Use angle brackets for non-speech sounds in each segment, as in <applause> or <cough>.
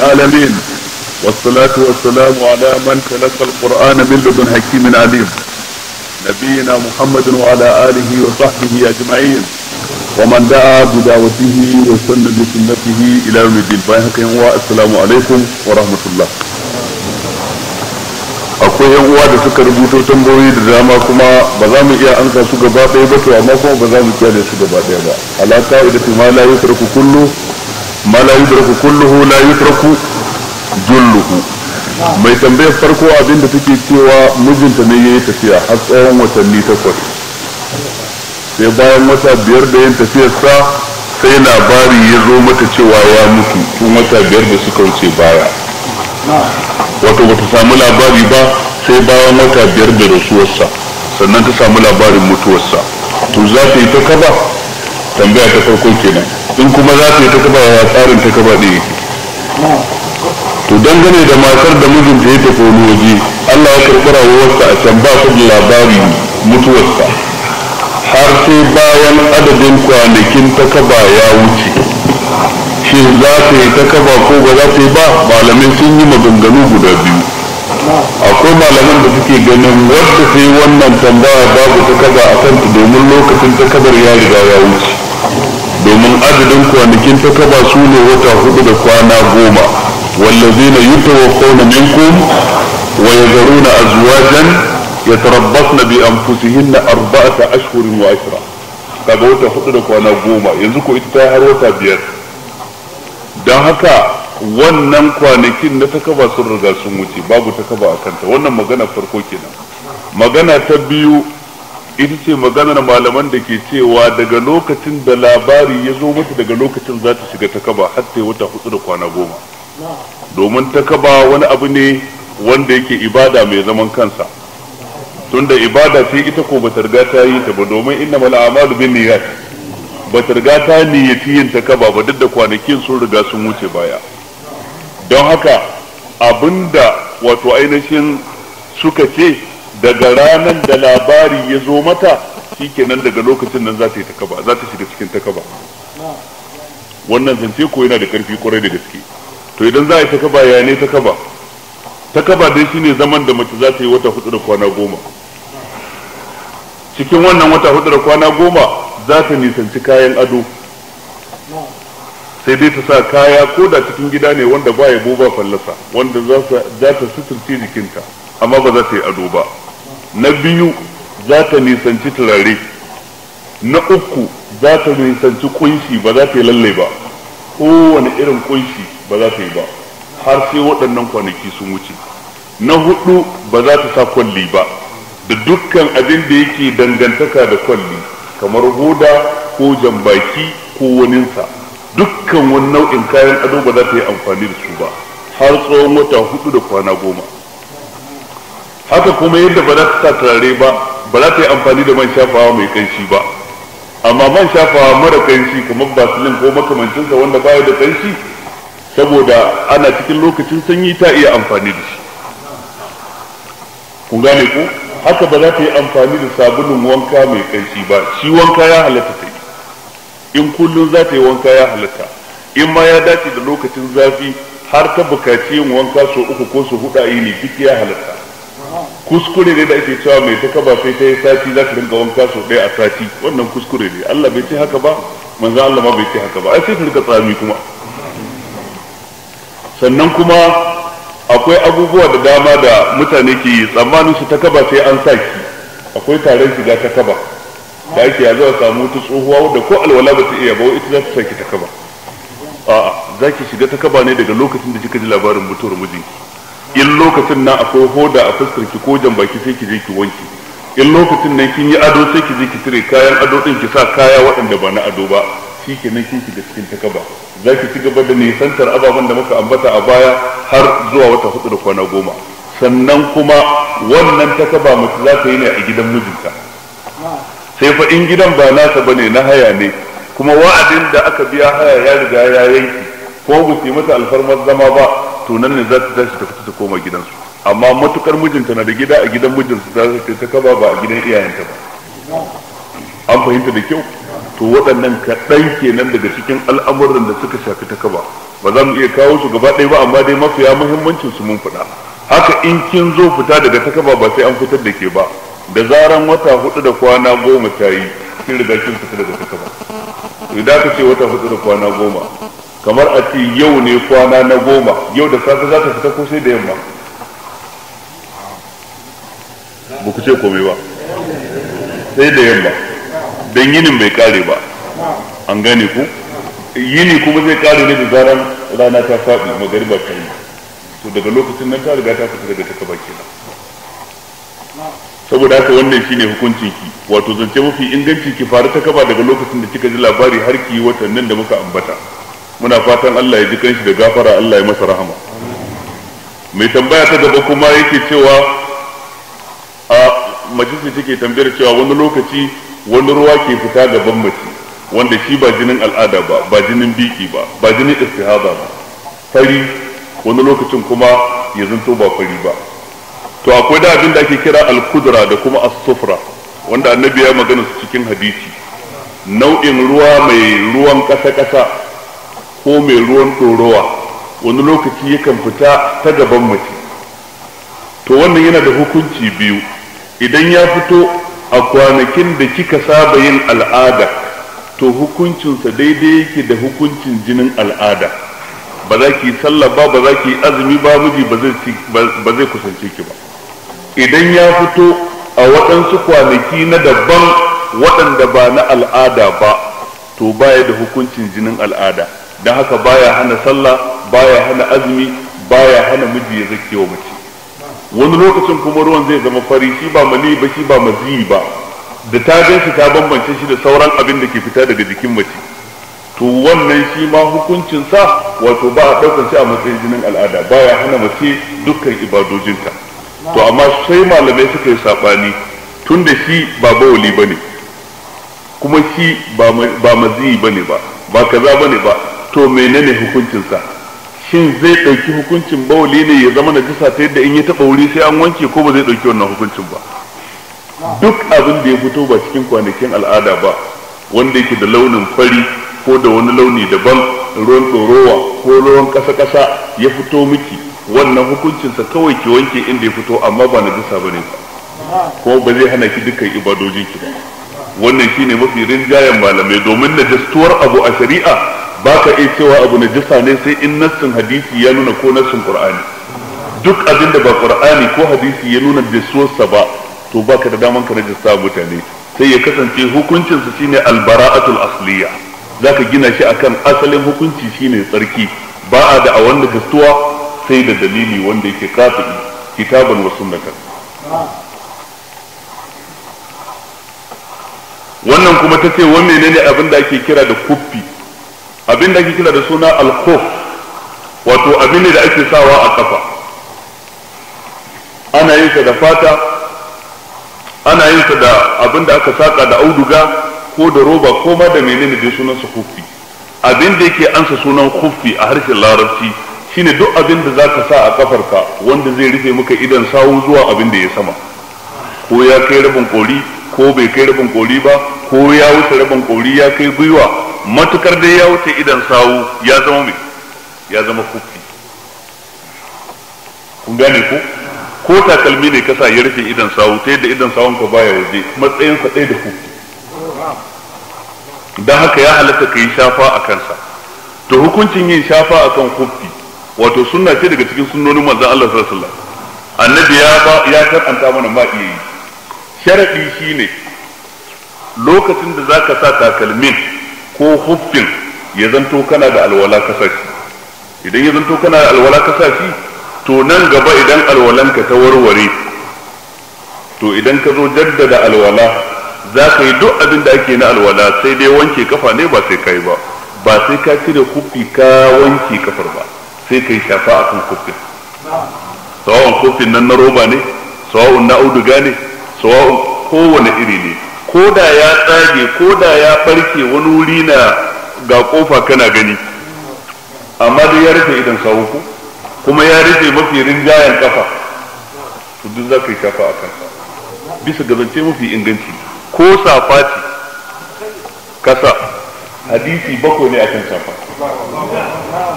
العالمين والصلاة والسلام على من تلقى القرآن من لدن حكيم عليم نبينا محمد وعلى آله وصحبه أجمعين ومن دعا بدعوته وسن بسنته إلى يوم الدين والسلام عليكم ورحمة الله akwai yan uwa da suka rubuto tambayoyi da dama kuma ba za mu iya amsa su gaba ɗaya ba to amma kuma ba za mu kiyaye su gaba ɗaya ba alaka idan ma la yusraku kullu ma la yudraku kulluhu la yutraku julluhu mai tambayar farko abinda take cewa mijinta ne yayi tafiya har tsawon watanni takwas sai bayan wata biyar da yin tafiyar sa sai labari ya zo mata cewa ya mutu tun wata biyar da suka wuce baya wato bata samu labari ba sai bayan wata biyar da rasuwarsa sannan ta samu labarin mutuwarsa to za ta yi ta kaba tambaya ta farko kenan in kuma za ta yi ta kaba ya tsarin ta kaba ɗaya to dangane da matar da mijinta ya tafi wani waje Allah ya karɓi rayuwarsa a can ba su da labari mutuwarsa har sai bayan adadin kwanakin ta kaba ya wuce shin za ta yi ta kaba ko ba za ta yi ba malamai sun yi maganganu guda biyu akwai malaman da suke ganin wadda sai wannan tambaya babu ta kaba a kanta domin lokacin ta kabar ya riga ya wuce domin adadin kwanakin ta kaba su ne wata hudu da kwana goma yi ta na na والذين يتوفون منكم na fusihin na بأنفسهن ta wa ashira kaga wata hudu da kwana goma yanzu ko ita ta har wata biyar don haka wannan kwanakin na takaba sun riga sun wuce babu takaba a kanta wannan magana farko kenan magana ta biyu ita ce maganar malaman da ke cewa daga lokacin da labari ya zo mata daga lokacin za ta shiga takaba har ta wata hudu da kwana goma domin takaba wani abu ne wanda yake ibada mai zaman kansa tunda ibada ce ita ko bata riga ta yi ta ba domin inna mal a'malu bin niyyat bata riga ta niyyati yin takaba ba duk da kwanakin sun riga sun wuce baya don haka abinda wato ainihin suka ce daga ranar da labari ya zo mata shikenan daga lokacin nan za ta yi takaba za ta shiga cikin takaba wannan zance ko yana da karfi kwarai da gaske to idan za a yi takaba ya ne takaba takaba dai shine zaman da mace za ta yi wata hudu da kwana goma cikin wannan wata hudu da kwana goma za ta nisanci kayan ado sai dai ta sa kaya ko da cikin gida ne wanda ba ya ba fallasa wanda za ta suturce jikinta amma ba za ta yi ado ba na biyu za ta nisanci turare na uku za ta nisanci kunshi ba za ta yi lallai ba kowane irin kunshi ba za ta yi ba har sai waɗannan kwanaki sun wuce na hudu ba za ta sa kwalli ba da dukkan abin da yake dangantaka da kwalli kamar hoda ko jambaki ko waninsa dukkan wani nau'in kayan ado ba za ta yi amfani da su ba har tsawon wata hudu da kwana goma haka kuma yadda ba za ta sa turare ba ba za ta yi amfani da man shafawa mai kanshi ba amma man shafawa mara kanshi kamar basilin ko makamancinsa wanda ba da kanshi saboda ana cikin lokacin sanyi ta iya amfani da shi kun gane ku haka ba za ta yi amfani da sabulun wanka mai kanshi ba shi wanka ya halatta ta yi in kullum za ta yi wanka ya halatta in ma ya dace da lokacin zafi har ta bukaci yin wanka sau uku ko sau hudu a duk ya halatta kuskure ne da ake cewa mai ta kaba sai ta yi sati za ka rinka wanka sau ɗaya a sati wannan kuskure ne Allah bai ce haka ba manzan Allah ma bai ce haka ba ai sai ka rika tsami kuma sannan kuma akwai abubuwa da dama da mutane ke yi tsammanin su ta kaba sai an sa ki akwai taron shiga ta kaba da ake ya zuwa samu ta tsohuwa wadda ko alwala ba ta iya ba ita za ta sa ta kaba a'a za ki shiga ta kaba ne daga lokacin da kika ji labarin mutuwar mijinki in lokacin nan akwai hoda a fuskar ki ko jan baki sai ki je ki wanki in lokacin nan kin yi ado sai ki je ki cire kayan ado din ki sa kaya waɗanda ba na ado ba shi nan kin da cikin takaba za ki ci gaba da nisantar ababen da muka ambata a baya har zuwa wata hudu da kwana goma sannan kuma wannan takaba mace za ta yi ne a gidan mijinta sai fa in gidan ba nasa bane na haya ne kuma wa'adin da aka biya haya ya riga ya yanki ko ba su yi mata alfarmar zama ba to nan ne za ta tashi ta fita ta koma gidansu amma matukar mijinta na da gida a gidan mijinsu za zai ta kaba ba a gidan iyayenta ba an fahimta da kyau to waɗannan kaɗan kenan daga cikin al'amuran da suka shafi ta kaba ba za mu iya kawo su gaba ɗaya ba amma dai mafiya muhimmancin su mun faɗa haka in kin zo fita daga ta kaba ba sai an fitar da ke ba da zaran wata hudu da kwana goma ta yi kin riga kin fita daga ta kaba idan ka ce wata hudu da kwana goma kamar a ce yau ne kwana na goma yau da safe za ta fita ko sai da yamma ba ku ce komai ba sai da yamma don yinin bai kare ba an gane ku yini kuma zai kare ne da zaran rana ta faɗi magariba ta yi to daga lokacin nan ta riga ta fita daga ta kaba kenan saboda haka wannan shine hukuncin ki wato zance mafi inganci ki faru ta kaba daga lokacin da kika ji labari har ki yi watannin da muka ambata muna fatan Allah ya ji kanshi da gafara Allah ya masa rahama mai tambaya ta gaba kuma yake cewa a majalisi take tambayar cewa wani lokaci wani ruwa ke fita gaban mace wanda shi ba jinin al'ada ba ba jinin biki ba ba jinin istihaba ba fari wani lokacin kuma ya zanto ba fari ba to akwai da abin da ake kira al da kuma as-sufra wanda annabi ya magana su cikin hadisi nau'in ruwa mai ruwan kasa-kasa ko mai ruwan ɗorowa wani lokaci yakan fita ta gaban mace to wannan yana da hukunci biyu idan ya fito a kwanakin da kika saba yin al'ada to hukuncinsa daidai yake da hukuncin jinin al'ada ba za ki sallah ba ba za ki azumi ba miji ba zai kusance ki ba idan ya fito a waɗansu kwanaki na daban waɗanda ba na al'ada ba to baya da hukuncin jinin al'ada dan haka baya hana sallah baya hana azumi baya hana miji ya zake wa mace wani lokacin kuma ruwan zai zama fari shi ba mali ba shi ba maziyi ba da ta gan shi ta bambance shi da sauran abin da ke fita daga jikin mace to wannan shi ma hukuncin sa wato ba a daukar shi a matsayin jinin al'ada baya hana mace dukkan ibadojinta to amma sai malamai suka yi sabani da shi ba bawali bane kuma shi ba maziyi bane ba ba kaza bane ba to menene hukuncinsa shin zai ɗauki hukuncin bauli ne ya zama na jisa ta yadda in ya taɓa wuri sai an wanke ko ba zai ɗauki wannan hukuncin ba duk abin da ya fito ba cikin kwanakin al'ada ba wanda yake da launin fari ko da wani launi daban ruwan ɗorowa ko ruwan ƙasa-ƙasa ya fito miki wannan hukuncinsa kawai ke wanke inda ya fito amma ba na jisa ba ne kuma ba zai hana ki dukkan ibadojinki ba wannan shine mafi rinjayen malamai domin najastuwar abu a shari'a ba ka iya cewa abu jisa ne sai in nassin hadisi ya nuna ko nassin qur'ani duk abin da ba qur'ani ko hadisi ya nuna jisuwarsa ba to baka da daman ka najasa mutane sai ya kasance hukuncinsa shine albara'atul asliya zaka gina shi akan asalin hukunci shine tsarki ba a da a wanda gastuwa sai da dalili wanda yake kafi kitaban wa sunnatan wannan kuma ta ce wa menene abin da ake kira da kuffi abin da ake kira da suna alkof wato abin da ake sawa a kafa ana yin sa da fata ana yin sa da abin da aka saka da auduga ko da roba ko ma da menene da sunan sa kufi abin da yake ansa sunan kufi a harshen larabci shine duk abin da zaka sa a kafarka wanda zai rufe maka idan sawu zuwa abin da ya sama ko ya kai rabin kori ko bai kai rabin kori ba ko ya wuce rabin kori ya kai gwiwa matukar dai ya wuce idan sawu ya zama mai ya zama kufi kun gane ko ko takalmi ne kasa ya rufe idan sawu ta yadda idan sawun ka baya waje matsayinsa ɗaya da kufi don haka ya halatta ka yi shafa a kansa to hukuncin yin shafa a kan kufi wato sunna ce daga cikin sunnonin manzon Allah sallallahu alaihi wasallam annabi ya ya karanta mana ma iya yi sharaɗi shine lokacin da za ka sa takalmin ko huffin ya zanto kana da alwala ka idan ya zanto kana da alwala ka to nan gaba idan alwalanka ta warware to idan ka zo jaddada alwala za ka yi duk abin da ake na alwala sai dai wanke kafa ne ba sai kai ba ba sai ka cire kufi ka wanke kafar ba sai ka yi shafa akan kufin sawa'un kufin nan na roba ne sawa'un na auduga ne tsawon kowane iri ne ko da ya tsage ko da ya barke wani wuri na ga kofa kana gani amma dai ya rufe idan sawu ku kuma ya rufe mafi rinjayen kafa to duk za ka yi shafa a kansa bisa ga zance mafi inganci ko safa ce kasa hadisi bakwai ne akan safa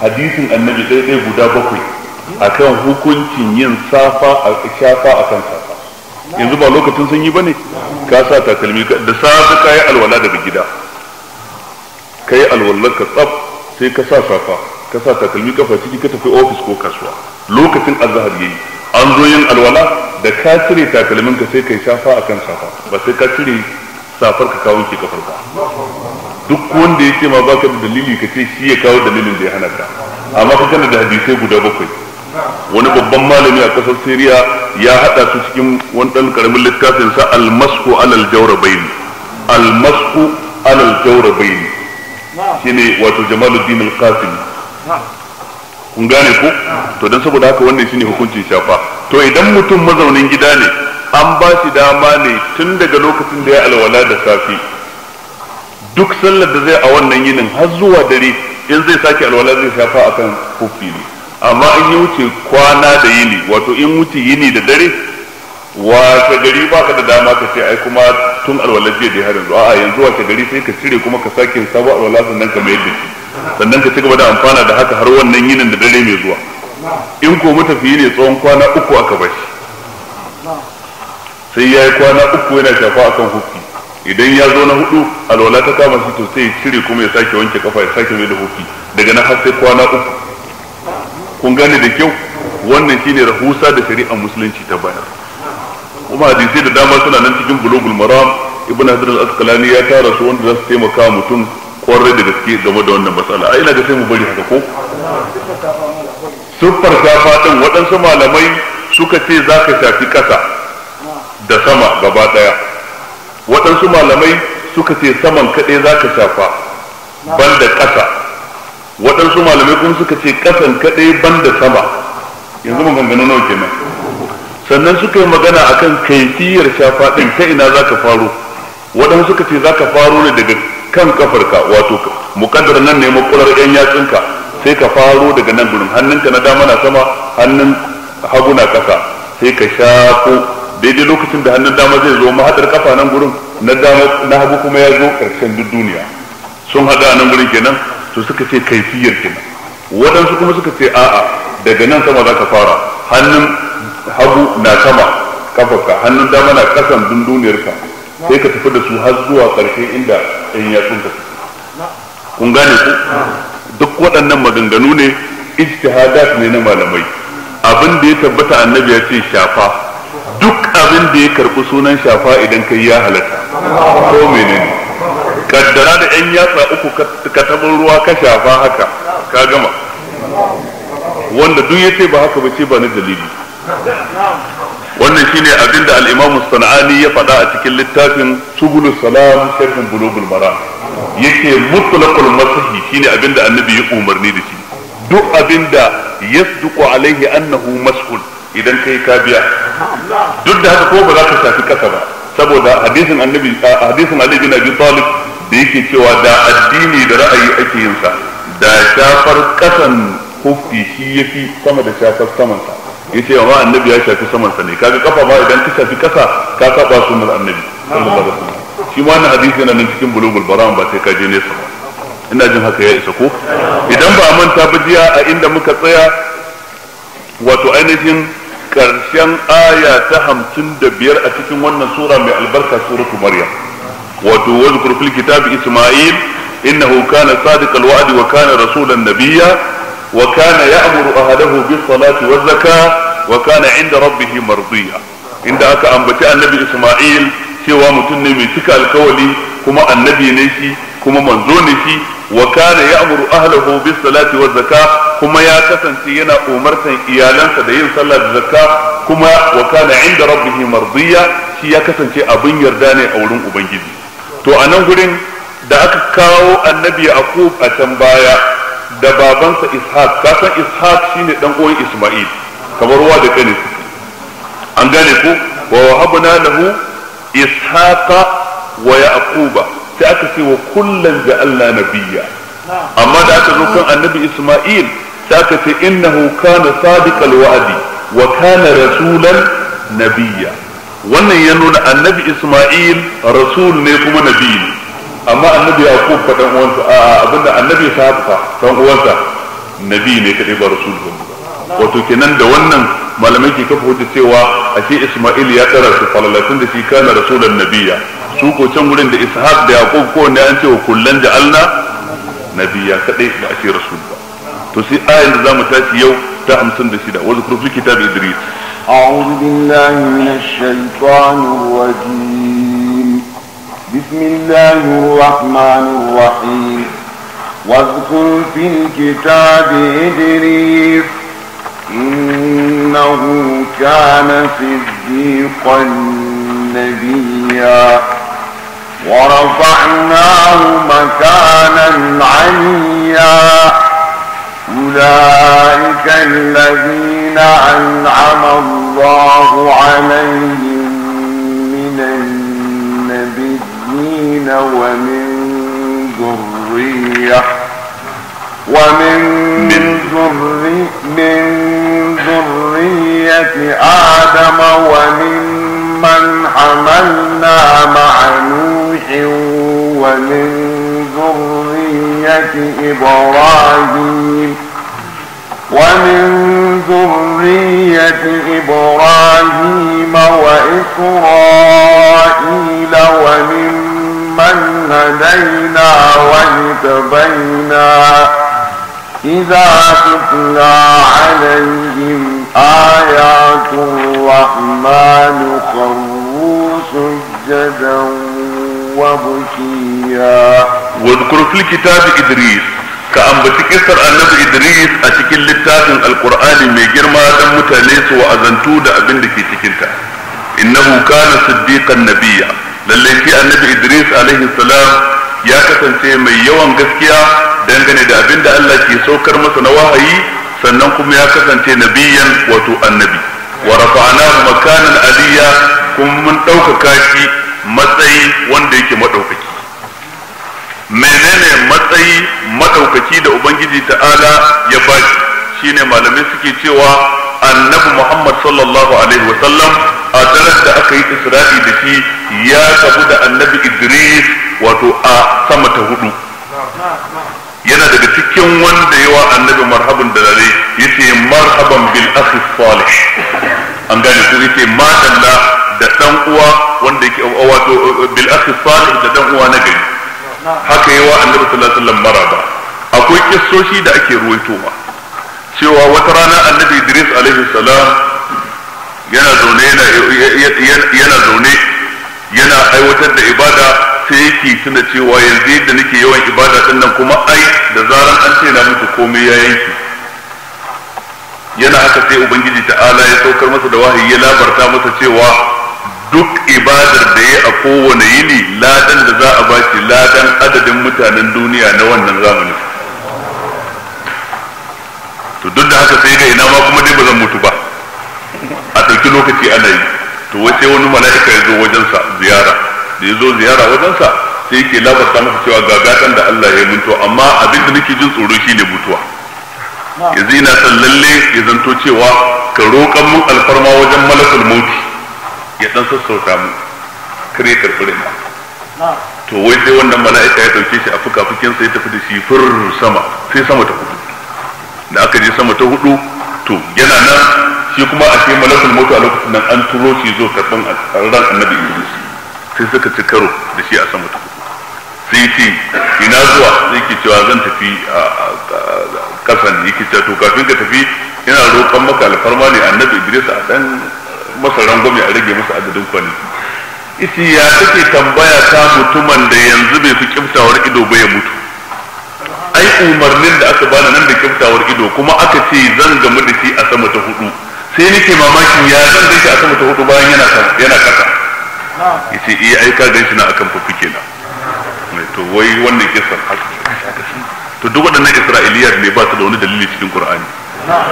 hadisin annabi ɗaya guda bakwai akan hukuncin yin safa a shafa a kansa yanzu ba lokacin yi ba ne ka sa takalmi da safe ka yi alwala daga gida ka yi alwallar ka tsaf sai ka sa safa ka sa takalmi kafa ciki ka tafi ofis ko kasuwa lokacin azhar yayi an zo yin alwala da ka cire takalmin ka sai kai shafa akan safa ba sai ka cire safar ka kawo ki kafar ka duk wanda yake ma baka da dalili ka ce shi ya kawo dalilin da ya hana ka amma ka kana da hadisai guda bakwai wani babban malami a kasar Syria ya hada su cikin wani dan karamin littafin sa al alal jawrabain al-masku alal jawrabain shine wato Jamaluddin al kun gane ko to dan saboda haka wannan shine hukuncin shafa to idan mutum mazaunin gida ne an ba shi dama ne tun daga lokacin da ya alwala da safi duk sallar da zai a wannan yinin har zuwa dare in zai sake alwala zai shafa akan kofi ne amma in yi wuce kwana da yini wato in wuce yini da dare wata gari ka da dama ka ce ai kuma tun alwalar jiya da har yanzu a'a yanzu wata gari sai ka cire kuma ka sake sabo alwala sannan ka mayar da shi sannan ka cigaba da amfana da haka har wannan yinin da dare mai zuwa in ko matafiyi ne tsawon kwana uku aka shi sai ya yi kwana uku yana shafa akan hukki idan ya zo na hudu alwala ta kama shi to sai ya cire kuma ya sake wanke kafa ya sake mai da hukki daga nan har sai kwana uku kun gane da kyau wannan shine rahusa da shari'a musulunci ta bayar kuma hadisai da dama suna nan cikin bulugul maram ibn hajar al ya tara su wanda za su taimaka mutum kwarai da gaske game da wannan matsala ai ina ga sai mu bari haka ko siffar shafa din waɗansu malamai suka ce za ka shafi ƙasa da sama gaba ɗaya waɗansu malamai suka ce saman kaɗai za ka shafa ban da ƙasa waɗansu malamai kuma suka ce ƙasan kaɗai ban da sama yanzu maganganu nawa kenan sannan suka yi magana akan kaifiyar shafa ɗin ta ina za ka faro waɗansu suka ce za ka faro ne daga kan kafarka wato muƙaddar nan ne makular 'yan yatsunka sai ka faro daga nan gurin hannunka na dama na sama hannun hagu na ƙasa sai ka shafo daidai lokacin da hannun dama zai zo mahaɗar kafa nan gurin na dama na hagu kuma ya zo ƙarshen duk duniya sun haɗa nan gurin kenan to suka ce kaifiyar kenan waɗansu kuma suka ce a'a daga nan sama za ka fara hannun hagu na sama kafarka hannun dama na ƙasan dunduniyarka sai ka tafi da su har zuwa ƙarshe inda ɗan yatsun ka kun gane ku duk waɗannan maganganu ne ijtihadat ne na malamai abin da ya tabbata annabi ya ce shafa duk abin da ya karɓi sunan shafa idan kai ya halatta ko menene kaddara da yan yatsa uku ka ruwa ka shafa haka ka gama wanda duk ya ce ba haka ba ce ba ni dalili wannan shine abin da al sana'ani ya faɗa a cikin littafin subul salam sharhin bulugul maram yake mutlaqul masahi shine abin da annabi ya umarni da shi duk abin da duku alaihi annahu mashhul idan kai ka biya duk da haka ko ba za ka shafi kasa ba saboda hadisin annabi hadisin ali bin abi talib da yake cewa da addini da ra'ayi ake yin sa da shafar kasan hufi shi yafi sama da shafar samansa ce amma annabi ya shafi samansa ne kaga kafa ba idan ka shafi kasa ka saba sunan annabi sallallahu alaihi wasallam shi ma wannan hadisi yana nan cikin bulugul baram ba sai ka je ne ba ina jin haka ya isa ko idan ba a manta ba jiya a inda muka tsaya wato ainihin karshen aya ta hamsin da biyar a cikin wannan sura mai albarka suratu maryam wato wazkur fil kitabi isma'il innahu kana sadiqal wa'di wa kana rasulan nabiyya wa kana ya'muru ahlahu bis salati waz zakah wa kana 'inda rabbih mardiya inda aka ambaci annabi isma'il cewa mutum ne mai cika alkawali kuma annabi ne shi kuma manzo ne shi wa kana ya'muru ahlahu bis salati waz zakah kuma ya kasance yana umartan iyalansa da yin sallah da zakka kuma wa kana 'inda rabbih mardiya shi ya kasance abin yarda ne a wurin ubangiji to a nan gurin da aka kawo annabi yaqub a can baya da babansa ishaq kasan ishaq shine dan uwan isma'il kamar wa da kane an gane ku, wa wahabna lahu ishaqa wa yaquba sai aka ce wa kullan ja'alna nabiyya amma da aka zo kan annabi isma'il sai aka ce innahu kana sadiqal wa'di wa kana rasulan nabiyya wannan ya nuna annabi Isma'il rasul ne kuma nabi ne amma annabi ya fa dan uwansa a abinda annabi Ishaq fa dan uwansa nabi ne kadai ba rasul ba wato kenan da wannan malamai ke kafa hujja cewa ashe Isma'il ya tsara su falalatun da shi kana rasulan nabiya su ko can gurin da Ishaq da Yaqub ko ne an ce wa da ja'alna nabiya kadai ba ashe rasul ba to sai ayan da mu tashi yau ta 56 wa zikru fi kitab Idris أعوذ بالله من الشيطان الرجيم بسم الله الرحمن الرحيم واذكر في الكتاب إدريس إنه كان صديقا نبيا ورفعناه مكانا عليا أولئك الذين أنعم الله عليهم من النبيين ومن ذرية ومن ذرية من ذرية آدم ومن من حملنا مع نوح ومن ذرية إبراهيم ومن ذرية إبراهيم وإسرائيل وممن هدينا واجتبينا إذا تتلى عليهم آيات الرحمن خروا سجدا وبكيا واذكر في الكتاب إدريس ka ambaci kissar annabi idris a cikin littafin alkur'ani mai girma dan mutane su wa'azantu da abin da ke cikinta innahu kana siddiqan nabiyya lalle shi annabi idris alaihi salam ya kasance mai yawan gaskiya dangane da abin da Allah ke saukar masa na wahayi sannan kuma ya kasance nabiyan wato annabi wa rafa'nahu makanan aliyya kuma mun ɗaukaka shi matsayi wanda yake maɗaukaki menene matsayi madaukaki da ubangiji ta'ala ya shi shine malamai suke cewa annabi muhammad sallallahu alaihi wa sallam a daren da aka yi isra'i da shi ya tabu da annabi idris wato a sama ta hudu yana daga cikin wanda yawa annabi marhaban da dare yace marhaban bil akhi salih an gane ko yace ma da dan uwa wanda yake wato bil akhi salih da dan uwa na gari haka yi wa annabi sallallahu alaihi wasallam akwai kissoshi da ake ruwaitowa cewa wata rana annabi Idris alaihi salam yana zaune yana yana zaune yana aiwatar da ibada sai yake tuna cewa yanzu yadda nake yawan ibada din nan kuma ai da zaran an ce na mutu komai ya yanki yana haka sai ubangiji ta'ala ya saukar masa da wahayi ya labarta masa cewa duk ibadar da ya a kowane yini ladan da za a bashi ladan adadin mutanen duniya na wannan zamani to duk da haka sai ga ina ma kuma dai ba zan mutu ba a ɗauki lokaci ana yi to wai sai wani mala'ika ya zo wajensa ziyara da ya zo ziyara wajensa sai yake labarta masa cewa ga gatan da Allah ya mutu amma abin da nake jin tsoro ne mutuwa yanzu ina son lalle ya zanto cewa ka roƙan mun alfarma wajen malakul mauti ya dan sassauta mu kare karfure ma to wai sai wannan mala'ika ya dauke shi a fukafukin sai ya tafi da shi fur sama sai sama ta hudu da aka je sama ta hudu to yana nan shi kuma a sai malakul mutu a lokacin nan an turo shi zo karban ran annabi Idris sai suka ci karo da shi a sama ta hudu sai ce ina zuwa sai ke cewa zan tafi a kasan yake cewa to kafin ka tafi ina roƙon maka alfarma ne annabi Idris a dan masa rangwame a rage masa adadin kwanaki isi ya take tambaya ta mutumin da yanzu bai fi kimtawar ido ba ya mutu ai umarnin da aka bani nan da kimtawar ido kuma aka ce zan gamu da shi a sama ta hudu sai nake mamakin ya zan gaishe a sama ta hudu bayan yana yana kasa yace iya eh, ai ka gaishe na akan fufu kenan mai to wai wannan kisan haka to duk waɗannan isra'iliyat ne ba su da wani dalili cikin qur'ani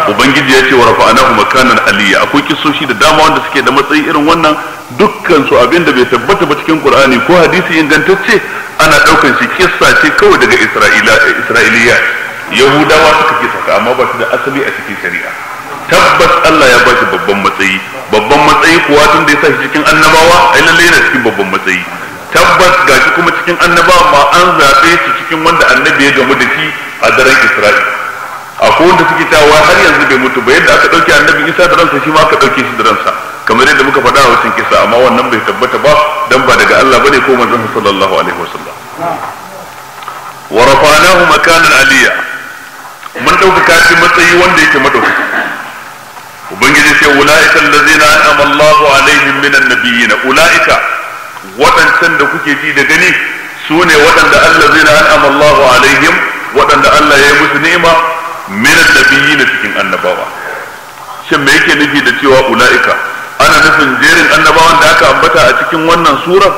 ubangiji ya ce wa anahu makanan aliyya akwai kisoshi da dama wanda suke da matsayi irin wannan dukkan su abin da bai tabbata ba cikin qur'ani ko hadisi ingantacce ana daukan shi kissa ce kawai daga isra'ila eh, isra'iliya yahudawa suka kisa ka amma ba su da asali a cikin shari'a tabbas Allah ya ba shi babban matsayi babban matsayi kuwa tun da ya sa shi cikin annabawa ai lalle yana cikin babban matsayi tabbas gashi kuma cikin annabawa ma an zabe shi cikin wanda annabi ya gamu da shi a daren Isra'ila akwai wanda suke cewa har yanzu bai mutu ba yadda aka dauke annabi Isa da ransa shi ma aka dauke shi da ransa kamar yadda muka faɗa a wancan kisa amma wannan bai tabbata ba dan ba daga Allah bane ko manzon sallallahu alaihi wasallam wa rafa'nahu makanan aliyya mun dauka kafin matsayi wanda yake madauki ubangiji sai ulaika allazina an'ama Allahu alaihim minan nabiyyin ulaika waɗancan da kuke ji da gani su ne waɗanda allazina an'ama Allahu alaihim waɗanda Allah ya yi musu ni'ima minan nabiyyi na cikin annabawa shin me yake nufi da cewa ula'ika ana nufin jerin annabawan da aka ambata a cikin wannan surar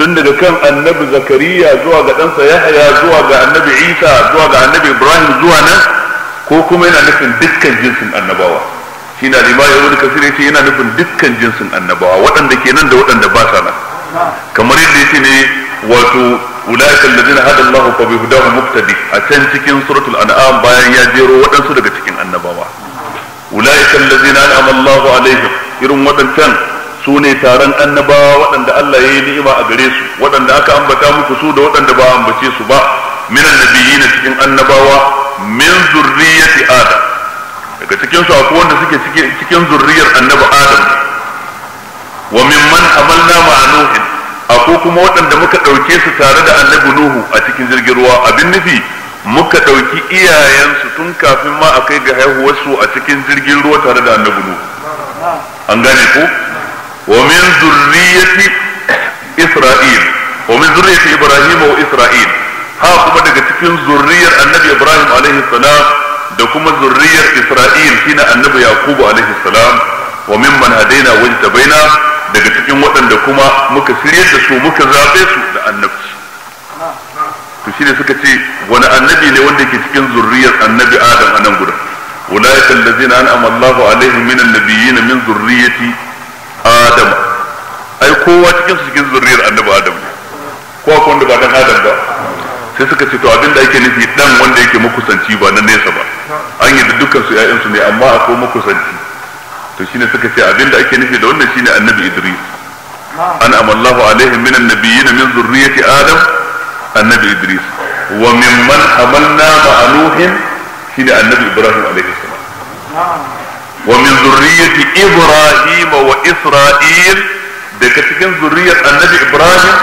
tun daga kan annabi zakariya zuwa ga ɗansa yahaya zuwa ga annabi isa zuwa ga annabi ibrahim zuwa nan ko kuma yana nufin dukkan jinsin annabawa shi na limaya wani kasir ya ce yana nufin dukkan jinsin annabawa waɗanda ke nan da waɗanda ba sa nan kamar yadda ya ce ne wato ulaika alladhina hada Allah fa bihudahu muqtadi a can cikin suratul an'am bayan ya jero waɗansu daga cikin annabawa ulaika alladhina an'ama Allah alaihim irin waɗancan su ne taron annabawa waɗanda Allah ya yi ni'ima a gare su waɗanda aka ambata muku su da waɗanda ba ambace su ba min annabiyina cikin annabawa min zurriyyati adam daga cikin su akwai wanda suke cikin zurriyar annabi adam wa mimman amalna ma'anuhin ko kuma waɗanda muka ɗauke su tare da annabi nuhu a cikin jirgin ruwa abin nufi muka ɗauki iyayensu tun kafin ma a kai ga haihuwarsu a cikin jirgin ruwa tare da annabi nuhu an gane ko wa min zurriyati isra'il wa min zurriyati ibrahim wa isra'il ha kuma daga cikin zurriyar annabi ibrahim alaihi salam da kuma zurriyar isra'il shine annabi yakubu alaihi salam wa mimman hadaina wajtabaina daga cikin waɗanda kuma muka shirye da su muka zaɓe su da annabci to ne suka ce wani annabi ne wanda ke cikin zurriyar annabi adam a nan guda ulaika allazina an'ama Allahu alaihim min annabiyyin min zurriyyati adam ai kowa cikin su cikin zurriyar annabi adam ne kowa ko wanda ba dan adam ba sai suka ce to abinda ake nufi dan wanda yake makusanci ba na nesa ba an yi dukkan su ƴaƴan su ne amma akwai makusanci to shine suka ce abinda ake nufi da wannan shine annabi idris an amallahu alaihim min nabiyyin min zurriyyati adam annabi idris wa mimman amalna ma'a nuhin shine annabi ibrahim alaihi salam wa min zurriyyati ibrahim wa isra'il daga cikin zurriyar annabi ibrahim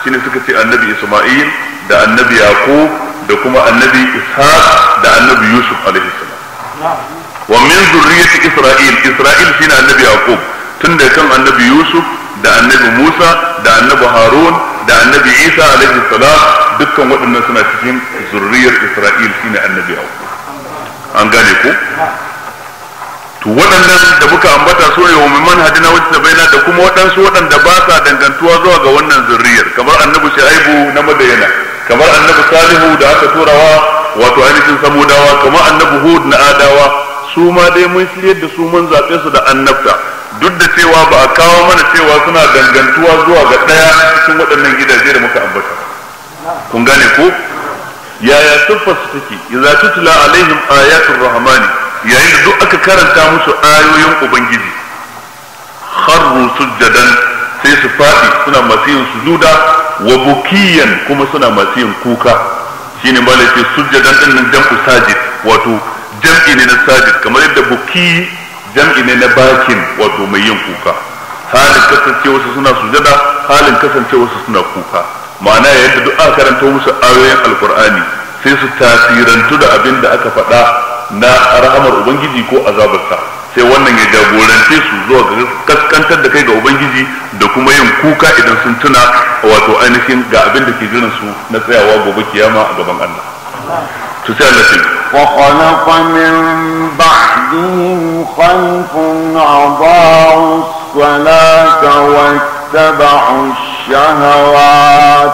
shine suka ce annabi isma'il da annabi yaqub da kuma annabi ishaq da annabi yusuf alaihi salam wa min zurriyyati isra'il isra'il shine annabi yaqub tun da kan annabi yusuf da annabi musa da annabi harun da annabi isa alaihi salam dukkan waɗannan suna cikin zurriyar isra'il shine annabi yaqub an gane ko to waɗannan da muka ambata su yau wa mimman hadina wacce baina da kuma waɗansu waɗanda ba sa dangantuwa zuwa ga wannan zurriyar kamar annabi shaibu na madayana kamar annabi salihu da aka turawa wato ainihin samudawa kamar annabi hud na adawa su ma dai mun shiryar da su mun zaɓe su da annabta duk da cewa ba a kawo mana cewa suna dangantuwa zuwa ga ɗaya cikin waɗannan gidaje da muka ambata kun gane ko yaya siffar su take idza tutla alaihim ayatul rahmani yayin da duk aka karanta musu ayoyin ubangiji kharru sujjadan sai su faɗi suna masu yin sujuda wa bukiyan kuma suna masu yin kuka shine malaka sujjadan din nan jam'u sajid wato jam'i ne na sajid kamar yadda buki jam'i ne na bakin wato mai yin kuka halin kasance wasu suna sujada halin kasance wasu suna kuka ma'ana yadda duk aka karanta musu ayoyin alkur'ani sai su tasirantu da abin da aka faɗa na rahamar ubangiji ko azabarsa sai wannan ya jagorance su zuwa ga kaskantar da kai ga ubangiji da kuma yin kuka idan sun tuna wato ainihin ga abin da ke jiran su na tsayawa gobe kiyama a gaban Allah تسالة وخلق من بعدهم خلف أضاعوا الصلاة واتبعوا الشهوات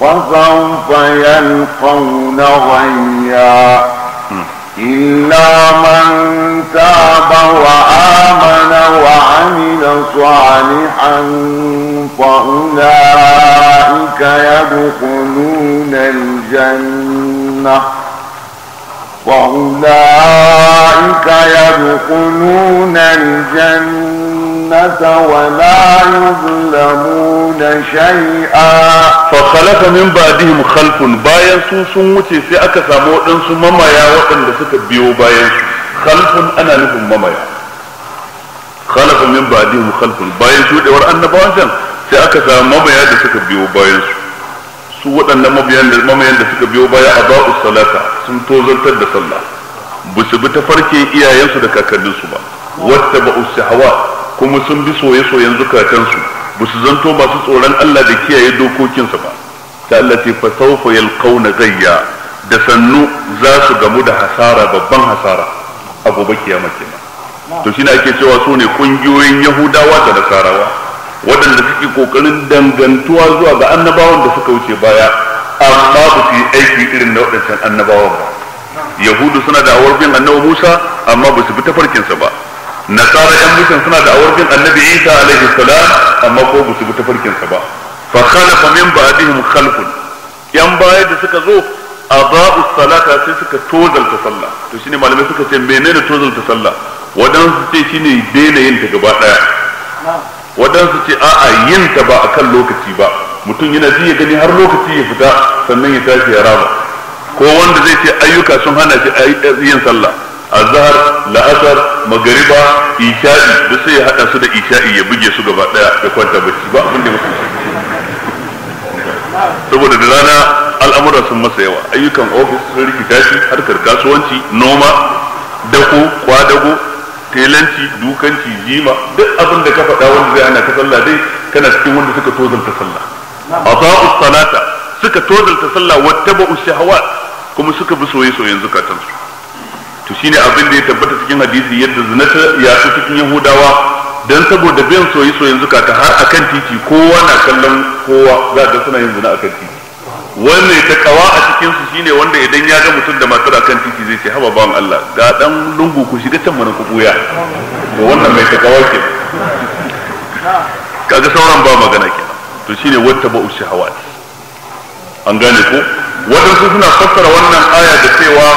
فسوف يلقون غيا إلا من تاب وآمن وعمل صالحا فأولئك يدخلون الجنة وأولئك يدخلون الجنة ولا يظلمون شيئا فخلف من بعدهم خلف باين سوسن وتي سي أكا سامو إنسو ممايا وطن لسك بيو باين خلف أنا لهم ممايا خلف من بعدهم خلف باين سوء ورأن باين sai أكثر samu mabaya da بيو biyo su waɗannan mabiyan da mamayan da suka biyo baya a ba'u salata sun tozartar da sallah ba su bi ta farke iyayensu da kakanninsu ba wata ba'u shahawa kuma sun bi soye-soyen zukatansu ba su zanto masu tsoron Allah da kiyaye dokokinsa ba ta Allah ce fa sawfa yalqawna gayya da sannu za su gamu da hasara babban hasara a gobe kiyama kenan to shine ake cewa su ne kungiyoyin Yahudawa da Nasarawa waɗanda suke kokarin dangantuwa zuwa ga annabawan da suka wuce baya amma ba su yi aiki irin na waɗancan annabawan ba yahudu suna da awar bin annabi musa amma ba su bi tafarkinsa ba nasara yan musan suna da awar bin annabi isa alaihi salam amma ko ba su bi tafarkinsa ba fa khalafa min ba'dihim khalfun yan baya da suka zo aba'u salata sai suka tozalta sallah to shine malamai suka ce menene tozalta sallah wadansu ce shine daina yin ta gaba daya waɗansu ce a'a yin ta ba a kan lokaci ba mutum yana ji ya gani har lokaci ya fita sannan ya tashi ya raba ko wanda zai ce ayyuka sun hana shi yin sallah azhar la'asar magariba isha'i duk sai ya haɗa su da isha'i ya buge su gaba ɗaya ya kwanta bacci ba abin da mutum saboda da rana al'amura sun masa yawa ayyukan ofis sun rikita shi harkar kasuwanci noma dako kwadago telanci dukanci jima duk abin da ka faɗa wanda zai ana ta sallah dai kana cikin wanda suka tozalta sallah ata'u salata suka tozalta sallah wattaba'u shahawat kuma suka bi soye soyen zukatan su to shine abin da ya tabbata cikin hadisi yadda zina ta su cikin yahudawa dan saboda bin soye soyen zukata har akan titi kowa na kallon kowa za ga suna yin zina akan titi wanda ya takawa a cikin su shine wanda idan ya ga mutum da matar akan titi zai ce haba bawan Allah ga dan lungu ku shiga can mana ku buya to wannan mai takawa ke kaga sauran ba magana ke to shine wata ba hawa an gane ko wadansu suna fassara wannan aya da cewa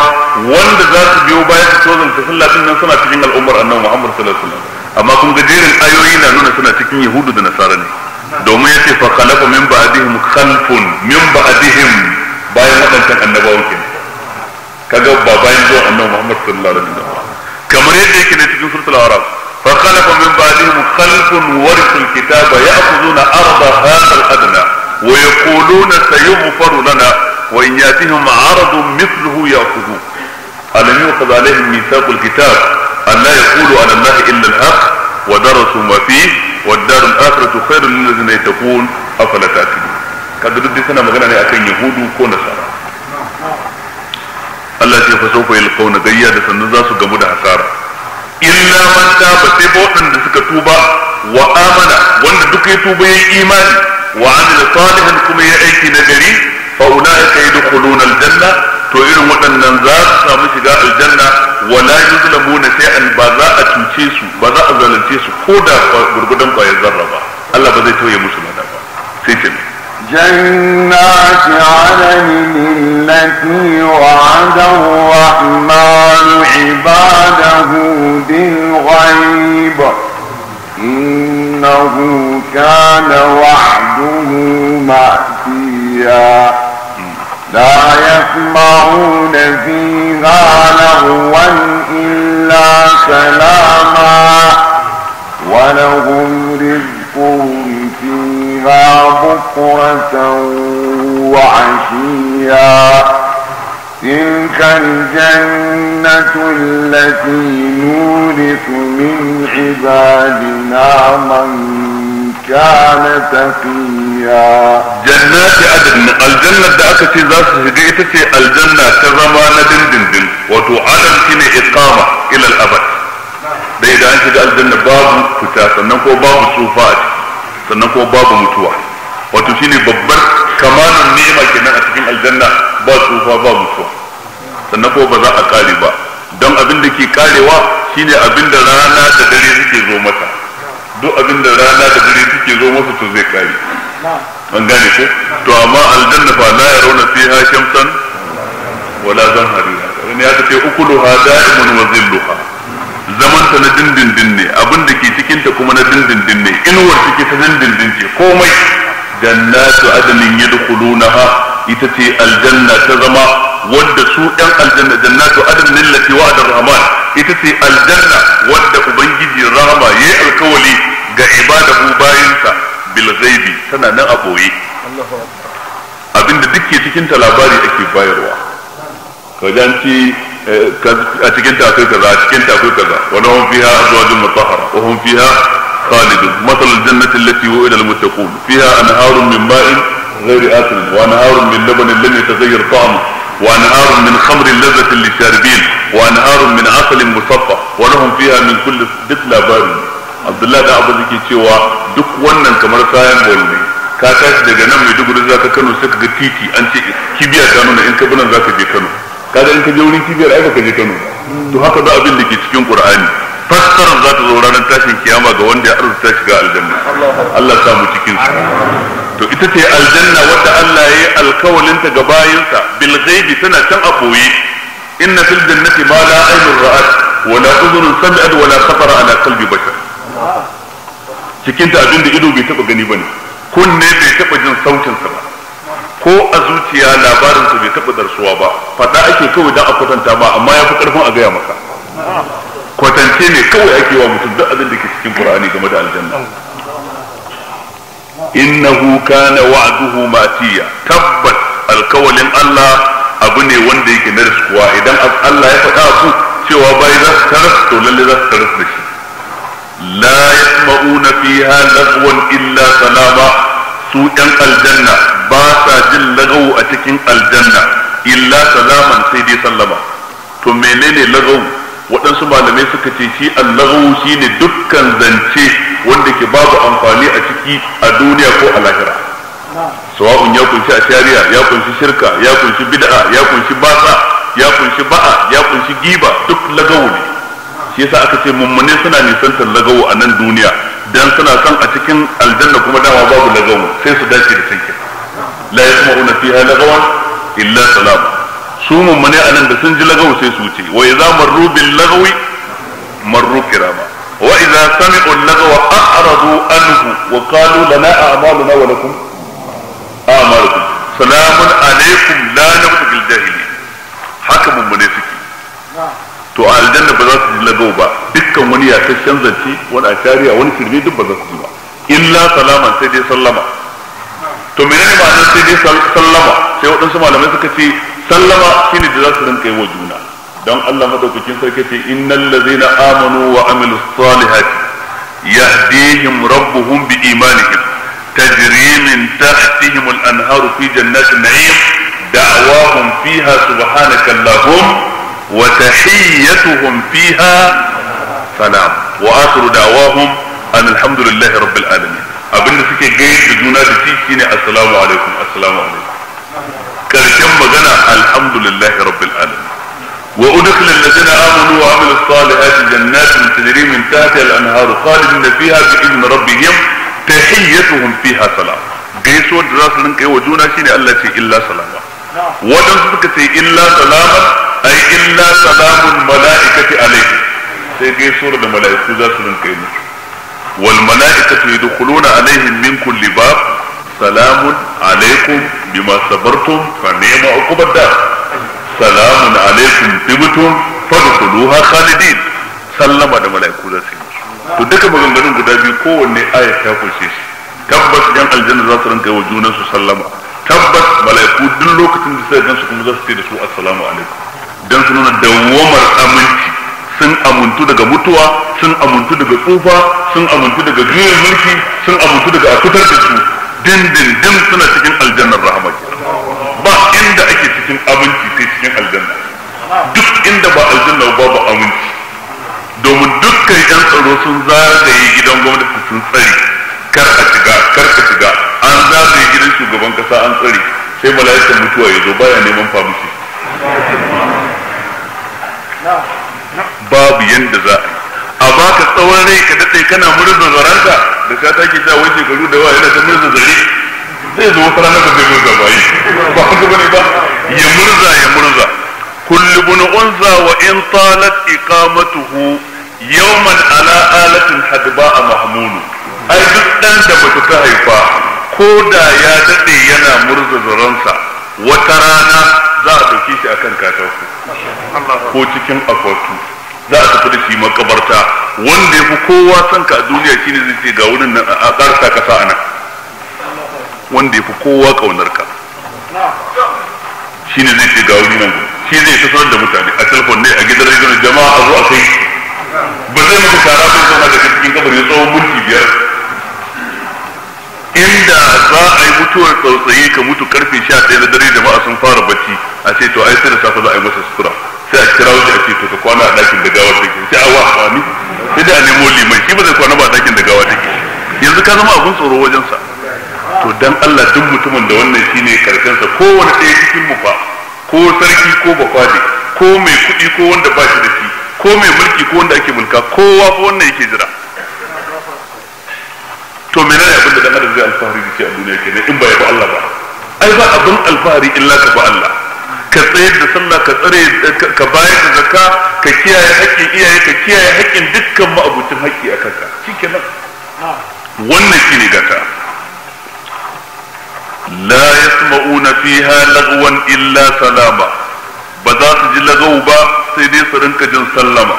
wanda za su biyo bayan su tozon ta sallah din nan suna cikin al'ummar annabi Muhammad sallallahu alaihi wasallam amma kuma ga jerin ayoyi na nuna suna cikin yahudu da nasara ne domin ya ce fa khalafa min ba'dihim khalfun min ba'dihim bayan wadancan annabawan kenan kaga ba bayan zuwa annabi Muhammad sallallahu alaihi wasallam kamar yadda yake ne cikin suratul araf fa khalafa min ba'dihim khalfun warithul kitaba ya'khuduna arda hadha al-adna wa yaquluna sayughfaru lana wa in yatihim 'aradun mithluhu ya'khudhu alam yuqad alaihim mithaqul kitab an la yaqulu ala allahi illa al-haq wa darasu ma fihi والدار الآخرة خير للذين يتقون أفلا تعقلون kaga duk suna magana ne akan yahudu ko nasara Allah ce fa sofa yalqauna gayya da sannan za su gamu da hasara illa man taba sai ba waɗanda suka tuba wa amana wanda duk ya tuba yayi imani wa amila salihan kuma ya aiki na gari fa ulaika yadkhuluna aljanna to irin waɗannan za su samu shiga aljanna wala sai an ba za a cuce su ba za a zalunce su ko da gurgudan ƙwayar zarra ba Allah ba zai tauye musu lada ba sai ce جنات عدن التي وعد الرحمن عباده بالغيب إنه كان وعده مأتيا لا يسمعون فيها لغوا إلا سلاما ولهم رزقهم فيها بكرة وعشيا تلك الجنة التي نورث من عبادنا من كان تقيا جنات عدن الجنة da aka ce za su shiga ita ce aljanna ta zama na dindindin wato adam shine iqama ila al-abad da idan an shiga aljanna babu fita sannan ko babu tsufa a ciki sannan ko babu mutuwa wato shine babbar kamanin ni'ima kenan a cikin aljanna ba tsufa ba mutuwa sannan ko ba za a kare ba don abin da ke karewa shine abin da rana da dare suke zo mata duk abin da rana da dare suke zo masa to zai kare an gane ko to amma aljanna fa la yarawna fiha shamsan wala zamharira wani ya ce ukuluha da'imun wa zilluha zaman ta na dindindin ne abin da ke cikin ta kuma na dindindin ne inuwar take ta dindindin ce komai jannatu adnin yadkhulunaha ita ce aljanna ta zama wadda su ɗan aljanna jannatu adan lillati wa adar rahman ita ce aljanna wadda ubangiji rahama ya yi alkawali ga ibadahu bayansa bil ghaibi tana nan a boye abinda duk ke cikin ta labari ake bayarwa ka janci eh, a cikin ta akwai kaza a cikin ta akwai kaza wa lahum fiha azwajun mutahhara wa hum fiha khalidun matalul jannati allati wu'ida lil muttaqin fiha anharun min ma'in غير آكل وأنهار من لبن لم يتغير طعمه وانهار من خمر لذة للشاربين وانهار من عسل مصفى ولهم فيها من كل duk labarin Abdullahi da Abu ke cewa duk wannan kamar kayan bol ne ka tashi daga nan mai duguri zaka Kano sai ka titi an ce kibiya ta nuna in ka bi nan zaka je Kano kaga in ka je wurin kibiyar ai ka je Kano to haka da abin da ke cikin Qur'ani fassarar za ta zo ranar tashin kiyama ga wanda ya arzuta shiga aljanna Allah sa mu cikin su to ita ce aljanna wadda Allah ya yi alkawalinta ga bayinsa bil ghaibi tana can a boye inna fil jannati ma la aynun ra'at wa la udhun sami'at wa la khatara ala qalbi bashar cikin ta abinda ido bai taba gani bane kunne bai taba jin sautin sa ba ko a zuciya labarin sa bai taba darsuwa ba fada ake kawai dan a kwatanta ba amma fi karfin a gaya maka kwatance ne kawai ake wa mutum duk abin da ke cikin qur'ani game da aljanna innahu kana wa'duhu matiya tabbas alkawalin Allah abu ne wanda yake na riskuwa idan Allah ya faɗa su cewa bai za su taras to su taras da shi la yasma'una fiha lagwan illa salama su ɗan aljanna ba sa jin lagawu a cikin aljanna illa salaman sai dai sallama to menene lagawu waɗansu malamai suka ce shi allagawu shine dukkan zance wanda ke babu amfani a ciki a duniya ko a lahira sawa'un ya kunshi a shari'a ya kunshi shirka ya kunshi bid'a ya kunshi basa ya kunshi ba'a ya kunshi giba duk lagawo ne shi yasa aka ce mummune suna nisantar lagawo a nan duniya dan suna son a cikin aljanna kuma dama babu lagawo sai su dace da sanki la yasma'una fiha lagawan illa salama su mummune a nan da sun ji lagawo sai su wuce wa za marru bil lagawi marru kirama wa idza sami'u lagawa a'radu anhu wa qalu lana a'maluna wa lakum a'malukum salamun alaikum la nabtu haka mun to a aljanna ba za su ji lagawa ba dukkan wani ya yasashen zance wani a wani firme duk ba za su ji ba illa salama sai dai sallama to menene ma'anar sai dai sallama sai waɗansu malamai suka ce sallama shine da za su rinka yi wa juna don Allah madaukakin sarki ce innal ladzina amanu wa amilus salihati yahdihim rabbuhum bi imanihim tajri min tahtihim al anharu fi jannatin na'im da'wahum fiha subhanaka allahumma وتحيتهم فيها سلام واخر دعواهم ان الحمد لله رب العالمين abin da suke gai da juna da shi shine assalamu alaikum assalamu alaikum karshen magana alhamdulillahi rabbil alamin وأدخل الذين آمنوا وعملوا الصالحات جنات تجري من تحتها الأنهار خالدين فيها بإذن ربهم تحيتهم فيها سلام da za su rinka yi wa juna shine Allah ce illa salama waɗansu suka ce illa salama ai illa salamun mala'ikati alaihi sai gaisuwar da mala'iku za su rinka yi musu wal mala'ikatu yadkhuluna alaihim min kulli bab salamun alaikum bima sabartum fa ni'ma uqubad dar salamun alaikum tibtum fadkhuluha khalidin sallama da mala'iku za su to duka maganganun guda biyu kowanne aya ta kunshe shi tabbas yan aljanna za su rinka yi wa junan su sallama tabbas mala'iku duk lokacin da suka gansu kuma za su ce da su assalamu alaikum dan su nuna dawwamar aminci sun amuntu daga mutuwa sun amuntu daga tsufa sun amuntu daga juyin mulki sun amuntu daga a fitar da su dindindin suna cikin aljannar rahama ba inda ake cikin aminci cikin aljanna duk inda ba aljanna ba ba aminci domin dukkan yan tsaro sun zagaye gidan gwamnati sun tsare kar a shiga kar ka shiga an zagaye gidan shugaban kasa an tsare sai mala'ikan mutuwa ya zo baya neman famishi babu yanda za a baka tsawon rai ka daɗe kana murzin zaranta da ka take ta wani shekaru da yawa yana ta murzin zare zai zo wata ranar da zai zo gaba yi ba haka bane ba ya murza ya murza kulli bin unza wa in talat iqamatuhu yawman ala alatin hadba mahmulu ai duk dan da bata ta haifa ko da ya dade yana murza zaransa wata rana za a dauke shi akan katako ko cikin akwatu za a tafi da shi makabarta wanda ya fi kowa son ka a duniya shine zai ce ga wurin nan a ƙarsa kasa a nan wanda ya fi kowa kaunar ka shi ne zai ga wani nan shi zai sanar da mutane a telefon ne a gidan rediyon jama'a a zuwa a kai ba zai maka shara sun zama daga cikin kabari tsawon mulki biyar inda za a yi mutuwar tsautsayi ka mutu karfe sha ɗaya na dare jama'a sun fara bacci a ce to ai sai da safe za a yi masa sutura sai a kira wuce a ce to ka kwana a ɗakin da gawar take sai a wa wani sai da a nemo Limai shi ba zai kwana ba a ɗakin da gawar take yanzu ka zama abin tsoro wajensa to dan Allah duk mutumin da wannan shine karshen sa kowane ɗaya cikin mu fa ko sarki ko bafade ko mai kuɗi ko wanda ba shi da shi ko mai mulki ko wanda ake mulka kowa ko wannan yake jira to menene abin da dan adam zai alfahari da shi a duniya kenan in ba ya ba Allah ba ai ba abin alfahari illa ka ba Allah ka tsayar da sallah ka tsare ka bayar da zakka ka kiyaye haƙƙin iyaye ka kiyaye haƙƙin dukkan ma'abucin haƙƙi a kanka shikenan wannan shine gata la yasma'una fiha lagwan illa salama ba za su ji lagau ba sai dai su rinka jin sallama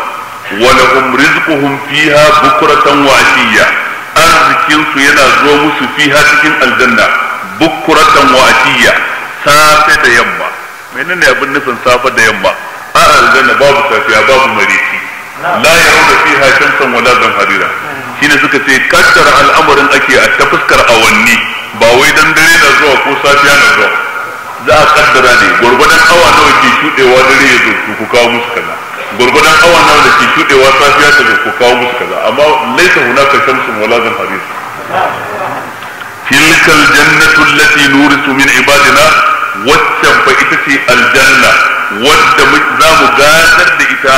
walahum rizquhum fiha bukratan wa ashiya arzikin su yana zo musu fiha cikin aljanna bukratan wa ashiya safe da yamma menene abin nufin safe da yamma a aljanna babu safiya babu mariki la yarawna fiha shamsan wala zan harira shine suka ce kattara al'amarin ake a ta fuskar awanni ba wai dan dare na zuwa ko safiya na zuwa za a kaddara ne gurgudan awa nawa ke shudewa dare ya zo ku kawo musu kaza gurgudan awa nawa da ke shudewa safiya ta zo ku kawo musu kaza amma laisa hunaka shamsun wala zan haris tilkal jannatu allati nurisu min ibadina waccan fa ita ce aljanna wadda za mu gadar da ita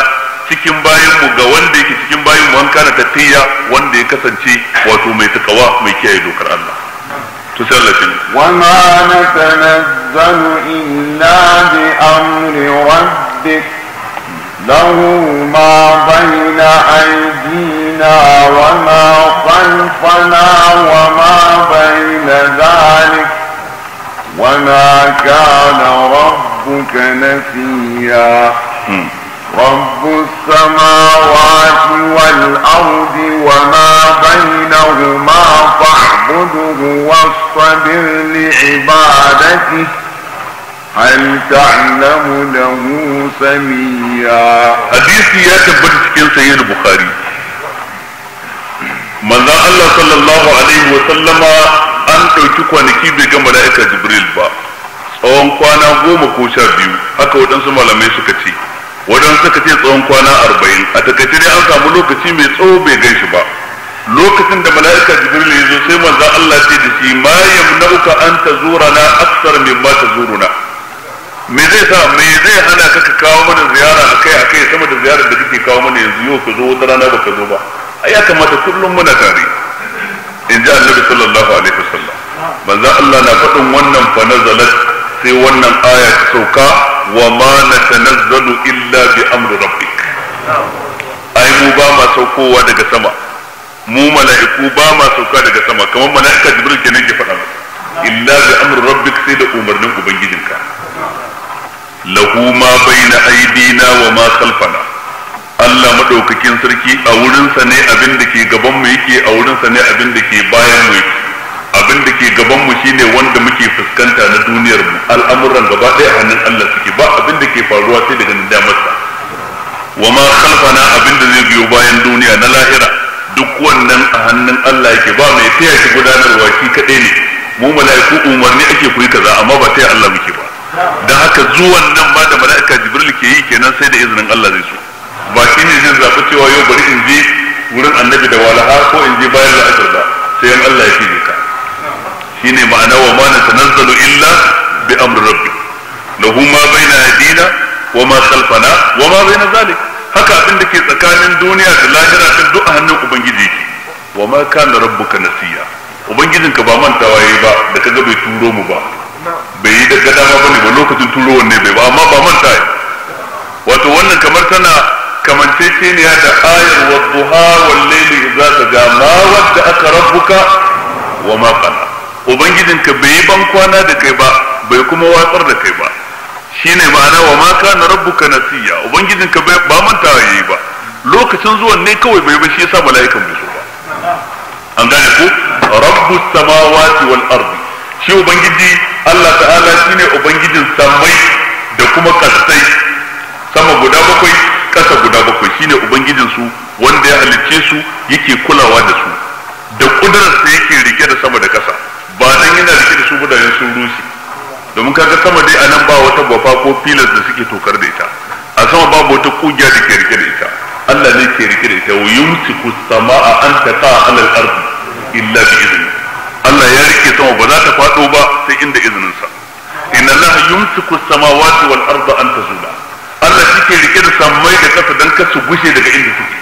cikin bayan mu ga wanda yake cikin bayan mu an kana tattiya wanda ya kasance wato mai takawa mai kiyaye dokar Allah تسلسل وما نتنزل إلا بأمر ربك له ما بين أيدينا وما خلفنا وما بين ذلك وما كان ربك نسيا رب السماوات والأرض وما بينهما فاعبده واصطبر لعبادته هل تعلم له سميا حديث يا تبت سيد البخاري ماذا الله صلى الله عليه وسلم أن ɗauki kwanaki bai ga mala'ika Jibril tsawon kwana goma ko sha biyu haka waɗansu malamai suka ce wadan suka ce tsawon kwana arba'in a takaice dai an samu lokaci mai tsawo bai gan shi ba lokacin da mala'ika jibril ya zo sai manzon Allah ce da shi ma yamna'uka an min ba ta zuruna. me zai sa me zai hana ka ka kawo mana ziyara akai akai sama da ziyarar da kake kawo mana yanzu yau ka zo wata rana baka zo ba ai ya kamata kullum muna tare in ji annabi sallallahu alaihi wasallam manzon Allah na faɗin wannan fa nazalat sai wannan aya ta sauka wa ma natanazzalu illa bi amri rabbik ai mu ba ma saukowa daga sama mu mala'iku ba ma sauka daga sama kamar mala'ika jibril kenan ke faɗa illa bi amri rabbik sai da umarnin ubangijinka lahu ma baina aidina wa ma khalfana Allah madaukakin sarki a wurinsa ne abin da ke gaban mu yake a wurinsa ne abin da ke bayan mu yake abin da ke gaban mu shine wanda muke fuskanta na duniyar mu al'amuran gaba ɗaya hannun Allah suke ba abin da ke faruwa sai daga damarsa wa ma khalfana abin da zai biyo bayan duniya na lahira duk wannan a hannun Allah yake ba mai taya shi gudanarwa shi kaɗai ne mu mala'iku umarni ake koyi kaza amma ba taya Allah muke ba dan haka zuwan nan ba da mala'ika Jibril ke yi kenan sai da izinin Allah zai so ba ne zai zaɓi cewa yau bari in je wurin annabi da walaha ko in je bayan la'asar ba sai in Allah ya ce shine ma'ana wa ma natanazzalu illa bi amri rabbi lahu ma baina yadina wa ma khalfana wa ma baina zalik haka abin da ke tsakanin duniya da lahira din duk a hannun ubangiji yake wa ma kana rabbuka nasiya ka ba mantawa yayi ba da kaga bai turo mu ba bai yi da gadama bane ba lokacin turo wanne bai ba amma ba manta wato wannan kamar tana kamanceceniya da ayar wadduha wal layli idza saja ma wadda aka rabbuka wa ma qala ubangijinka bai yi kwana da kai ba bai kuma watsar da kai ba shine ma'ana wa ma kana rabbuka nasiya ubangijinka ba manta yayi ba lokacin zuwan ne kawai bai ba shi yasa mala'ikan bai zo ba an gane ko rabbus samawati wal ardi shi ubangiji Allah ta'ala shine ubangijin samai da kuma kasai sama guda bakwai kasa guda bakwai shine ubangijin su wanda ya halicce su yake kulawa da su da kudurarsa yake rike da sama da kasa ba dan yana rike da su ba sun rushe domin kaga sama dai anan ba wata bafa ko filas da suke tokar da ita a sama babu wata kugiya da ke rike da ita Allah ne ke rike da ita wa yumsiku samaa an taqa ala al-ard illa bi idni Allah ya rike sama ba za ta fado ba sai inda izinin sa inna Allah yumsiku samawati wal arda an tazula Allah shi ke rike da sammai da kasa dan kasu gushe daga inda suke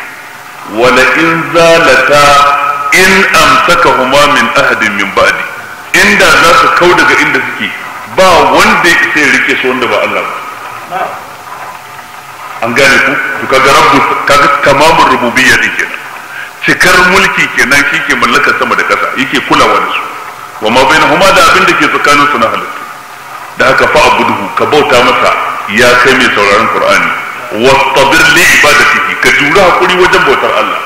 wala in zalata in amsakahuma min ahadin min ba'di inda za su kau daga inda suke ba wanda ya ya rike su wanda ba Allah ba an gane ku to kaga rabbu kaga tamamul rububiyya din kenan cikar mulki kenan shi ke mallakar sama da kasa yake kulawa da su wa ma bainahuma da abin da ke tsakanin su na halittu da haka fa abuduhu ka bauta masa ya kai mai sauraron qur'ani wastabir li ibadatihi ka jura hakuri wajen bautar Allah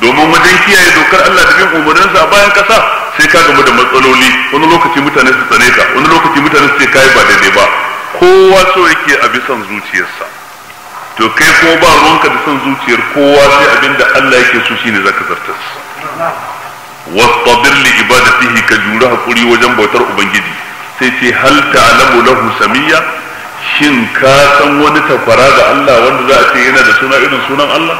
domin wajen kiyaye dokar Allah da bin kowa so yake a bisan zuciyarsa to kai ko ba ruwanka da son zuciyar kowa sai abin da Allah yake so shine zaka zartas wastabir li ibadatihi ka jura hakuri wajen bautar ubangiji sai ce hal ta'lamu lahu samiyya shin ka san wani takwara da Allah wanda za a ce yana da suna irin sunan Allah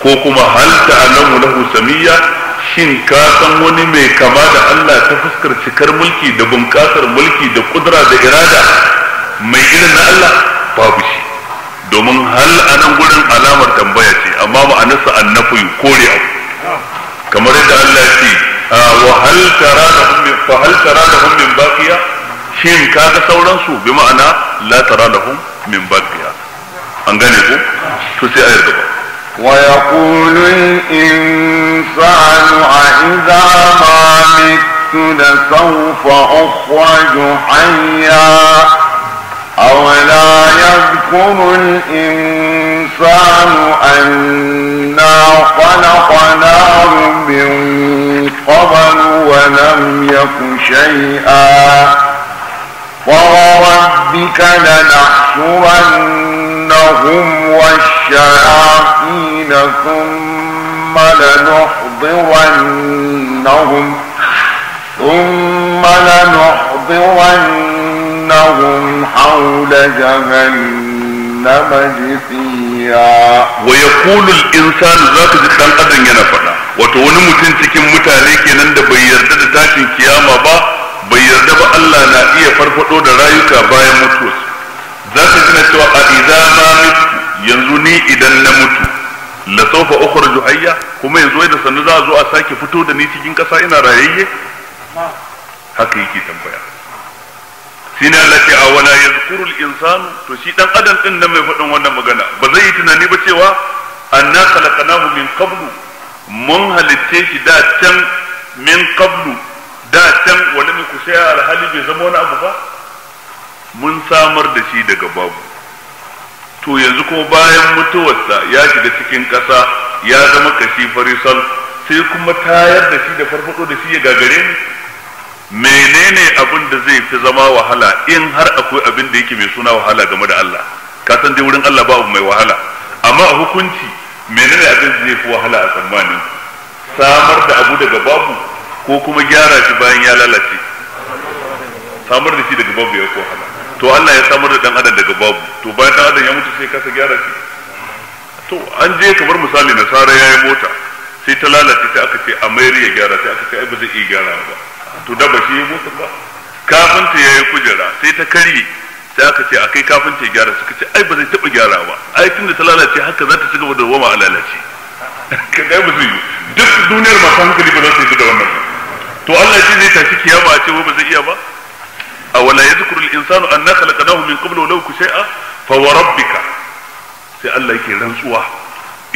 ko kuma hal ta'lamu lahu samiyya shin ka san wani mai kama da Allah ta fuskar cikar mulki da bunƙasar mulki da kudura da irada mai irin na Allah babu shi domin hal a nan gurin alamar tambaya ce amma ma'anarsa annafi kore abu kamar yadda Allah ce wa hal tara da hum fa hal tara da hum min baqiya shin ka ga sauransu bi ma'ana la tara da hum min baqiya an gane ko to sai ayar gaba ويقول الإنسان أإذا ما مت لسوف أخرج حيا أولا يذكر الإنسان أنا خلقناه من قبل ولم يك شيئا فوربك لنحشرنهم وش الشياطين ثم لنحضرنهم ثم لنحضرنهم حول جهنم جثيا ويقول الإنسان ذاك جدًا أدن ينفعنا wato wani mutum cikin mutane kenan da bai yarda da tashin kiyama ba bai yarda ba Allah na iya farfado da rayuka bayan mutuwarsu za ka cewa a yanzu ni idan na mutu la sawfa ukhraju hayya kuma yanzu da sannu za a zo a sake fito da ni cikin kasa ina rayayye haka yake tambaya shine Allah ce a wala yazkurul insanu to shi dan adam din nan mai faɗin wannan magana ba zai yi tunani ba cewa anna khalaqnahu min qablu mun halitte shi da can min qablu da can wani mai alhali bai zama wani abu ba mun samar da shi daga babu to yanzu kuma bayan mutuwarsa ya shiga cikin ƙasa ya zama kashi farisal sai kuma tayar da shi da farfado da shi ya gagare ni menene abin da zai fi zama wahala in har akwai abin da yake mai suna wahala game da Allah ka san dai wurin Allah babu mai wahala amma a hukunci menene abin da zai fi wahala a tsammanin samar da abu daga babu ko kuma gyara shi bayan ya lalace samar da shi daga babu ya ko wahala to Allah ya samar da dan adam daga babu to bayan dan adam ya mutu sai kasa gyara shi to an je kamar misali na ya yi mota sai ta lalace sai aka ce a mayar ya gyara sai aka ce ai ba zai iya gyara ba to da ba shi ya mota ba kafin ya yi kujera sai ta karye sai aka ce a kai ta gyara suka ce ai ba zai taɓa gyara ba ai tun da ta lalace haka za ta ci gaba da wama a lalace <laughs> kada ba zai duk duniyar masu hankali ba za su yi da wannan to Allah shi zai tashi kiyama a ce ba zai iya ba awala yadhkuru al-insanu anna khalaqnahu min qablu wa law fa wa rabbika sai Allah yake rantsuwa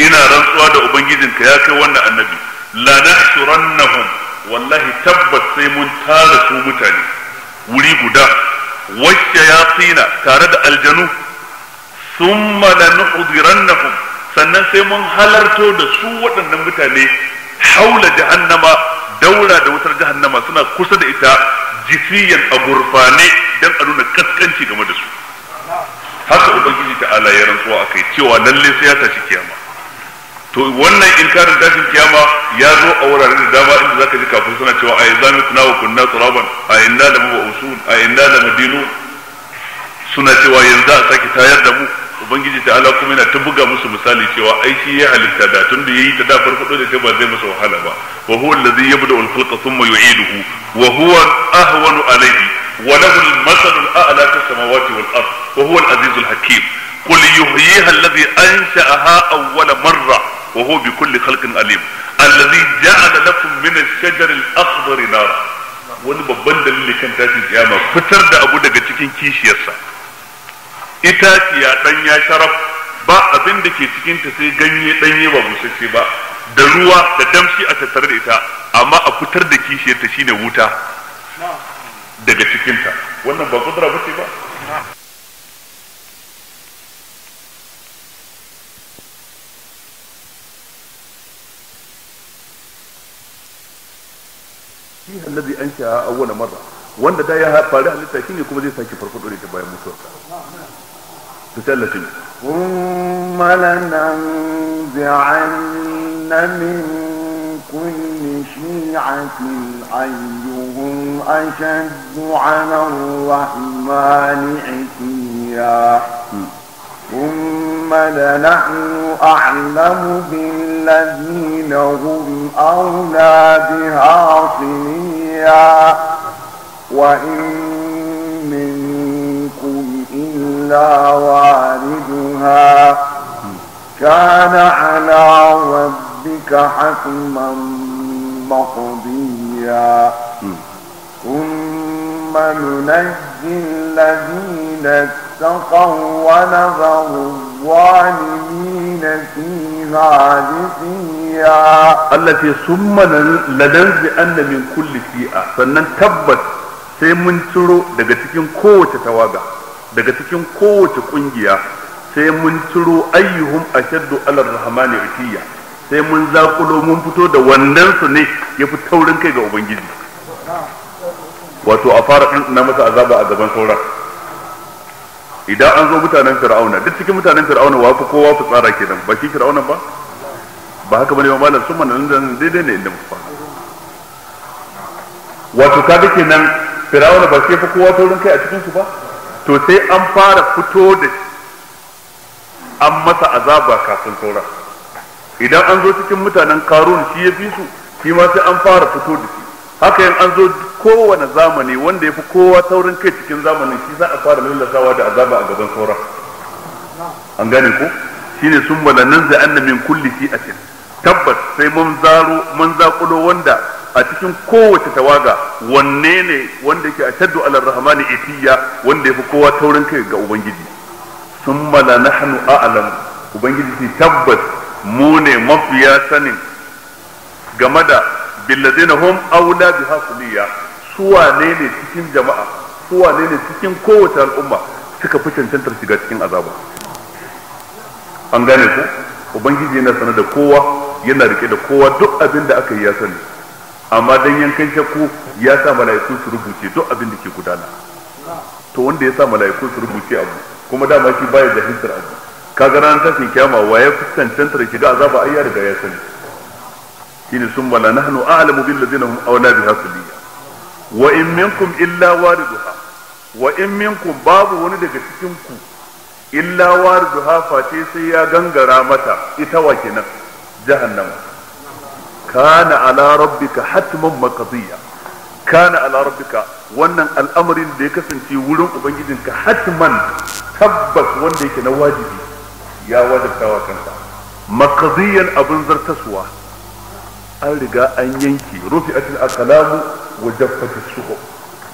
ina rantsuwa da ubangijin ka ya kai wannan annabi la nahshurannahum wallahi tabbas sai mun tara su mutane wuri guda wacce ya tsina tare da aljanu thumma lanuhdirannahum sannan sai mun halarto da su waɗannan mutane haula jahannama daura da wutar jahannama suna kusa da ita jisiyan a gurfane don a nuna kaskanci game da su haka ubangiji ta ala ya rantsuwa a kai cewa lalle sai ya tashi kiyama to wannan inkarin tashin kiyama ya zo a wurare da dama inda zaka ji kafin suna cewa a yanzu kuna wa kunna turaban a inna da mu usul a inna da madinu suna cewa yanzu a sake tayar da mu ubangiji ta ala kuma yana ta buga musu misali cewa aiki ya halitta da tun da yayi ta da farfado da sai ba zai masa wahala ba wa huwa allazi yabda al khalqa thumma yu'iduhu wa huwa ahwanu alayhi wa lahu al masal al a'la fi samawati wal ard wa huwa al aziz al hakim qul yuhyiha allazi ansha'aha awwala marra wa huwa bi kulli khalqin alim allazi ja'ala lakum min ash-shajari al akhdari nara wani babban dalili kan tashin kiyama fitar da abu daga cikin kishiyarsa itaciya ya sharaf ba abin da ke cikinta sai ganye ɗanye ba busasshe ba da ruwa da damshi a tattare da ita amma a fitar da kishiyarta shine wuta daga cikinta wannan ba kudura ba ce ba shi allazi an sha awwala marra wanda da ya faru halitta shine kuma zai sake farfado da bayan mutuwarsa تسلت ثم لننزعن من كل شيعة أيهم أشد على الرحمن عتيا ثم لنحن أعلم بالذين هم أولى بها صليا وإن إلا واردها كان على ربك حكما مقضيا ثم ننجي الذين اتقوا ونذر الظالمين فيها جثيا التي ثم لننجي أن من كل فئة فنن تبت sai mun ciro daga daga cikin kowace kungiya sai mun ciro ayyuhum ashaddu ala rahmani atiya sai mun zakulo mun fito da wannan su ne ya fi taurin kai ga ubangiji wato a fara na masa azaba a gaban sauran idan an zo mutanen fir'auna duk cikin mutanen fir'auna wa kowa fi tsara kenan ba shi fir'auna ba ba haka bane malam sun manan da daidai ne inda muka wato kaga kenan fir'auna ba shi fa kowa taurin kai a cikin su ba to sai an fara fito da an masa azaba kafin saura idan an zo cikin mutanen karun shi ya fi su shi ma sai an fara fito da shi haka yin an zo kowane zamani wanda ya fi kowa taurin kai cikin zamanin shi za a fara lallasawa da azaba a gaban saura an gane ko shine sun bala nan zai anna min fi a tabbas sai mun zaro mun zaƙulo wanda a cikin kowace tawaga wanne ne wanda yake ashaddu ala rahmani itiya wanda ya fi kowa taurin kai ga ubangiji summa la nahnu a'lam ubangiji shi tabbas mu ne mafiya sanin game da billadina hum aula biha kulliya su ne ne cikin jama'a su ne ne cikin kowace al'umma suka fi cancantar shiga cikin azaba an gane ku ubangiji yana sanar da kowa yana rike da kowa duk abin da aka yi ya sani amma dan yankan shakku ya sa mala'iku su rubuce duk abin da ke gudana to wanda ya sa mala'iku su rubuce abu kuma dama shi baya hisar abu kaga ta tashin kiyama wa ya cancanta da shiga azaba ai ya riga ya sani shine sun bala nahnu a'lamu bil ladina hum awla biha suliya wa in minkum illa wariduha wa in minkum babu wani daga cikin ku illa wariduha fa sai ya gangara mata ita wa kenan jahannama kana ala rabbika hatman maqdiya kana ala rabbika wannan al'amarin da ya kasance wurin ubangijinka hatman tabbas wanda yake na wajibi ya wajibta wa kanta maqdiyan abun zartaswa an riga an yanki rufi'atil aqlamu wa jaffatis suhuf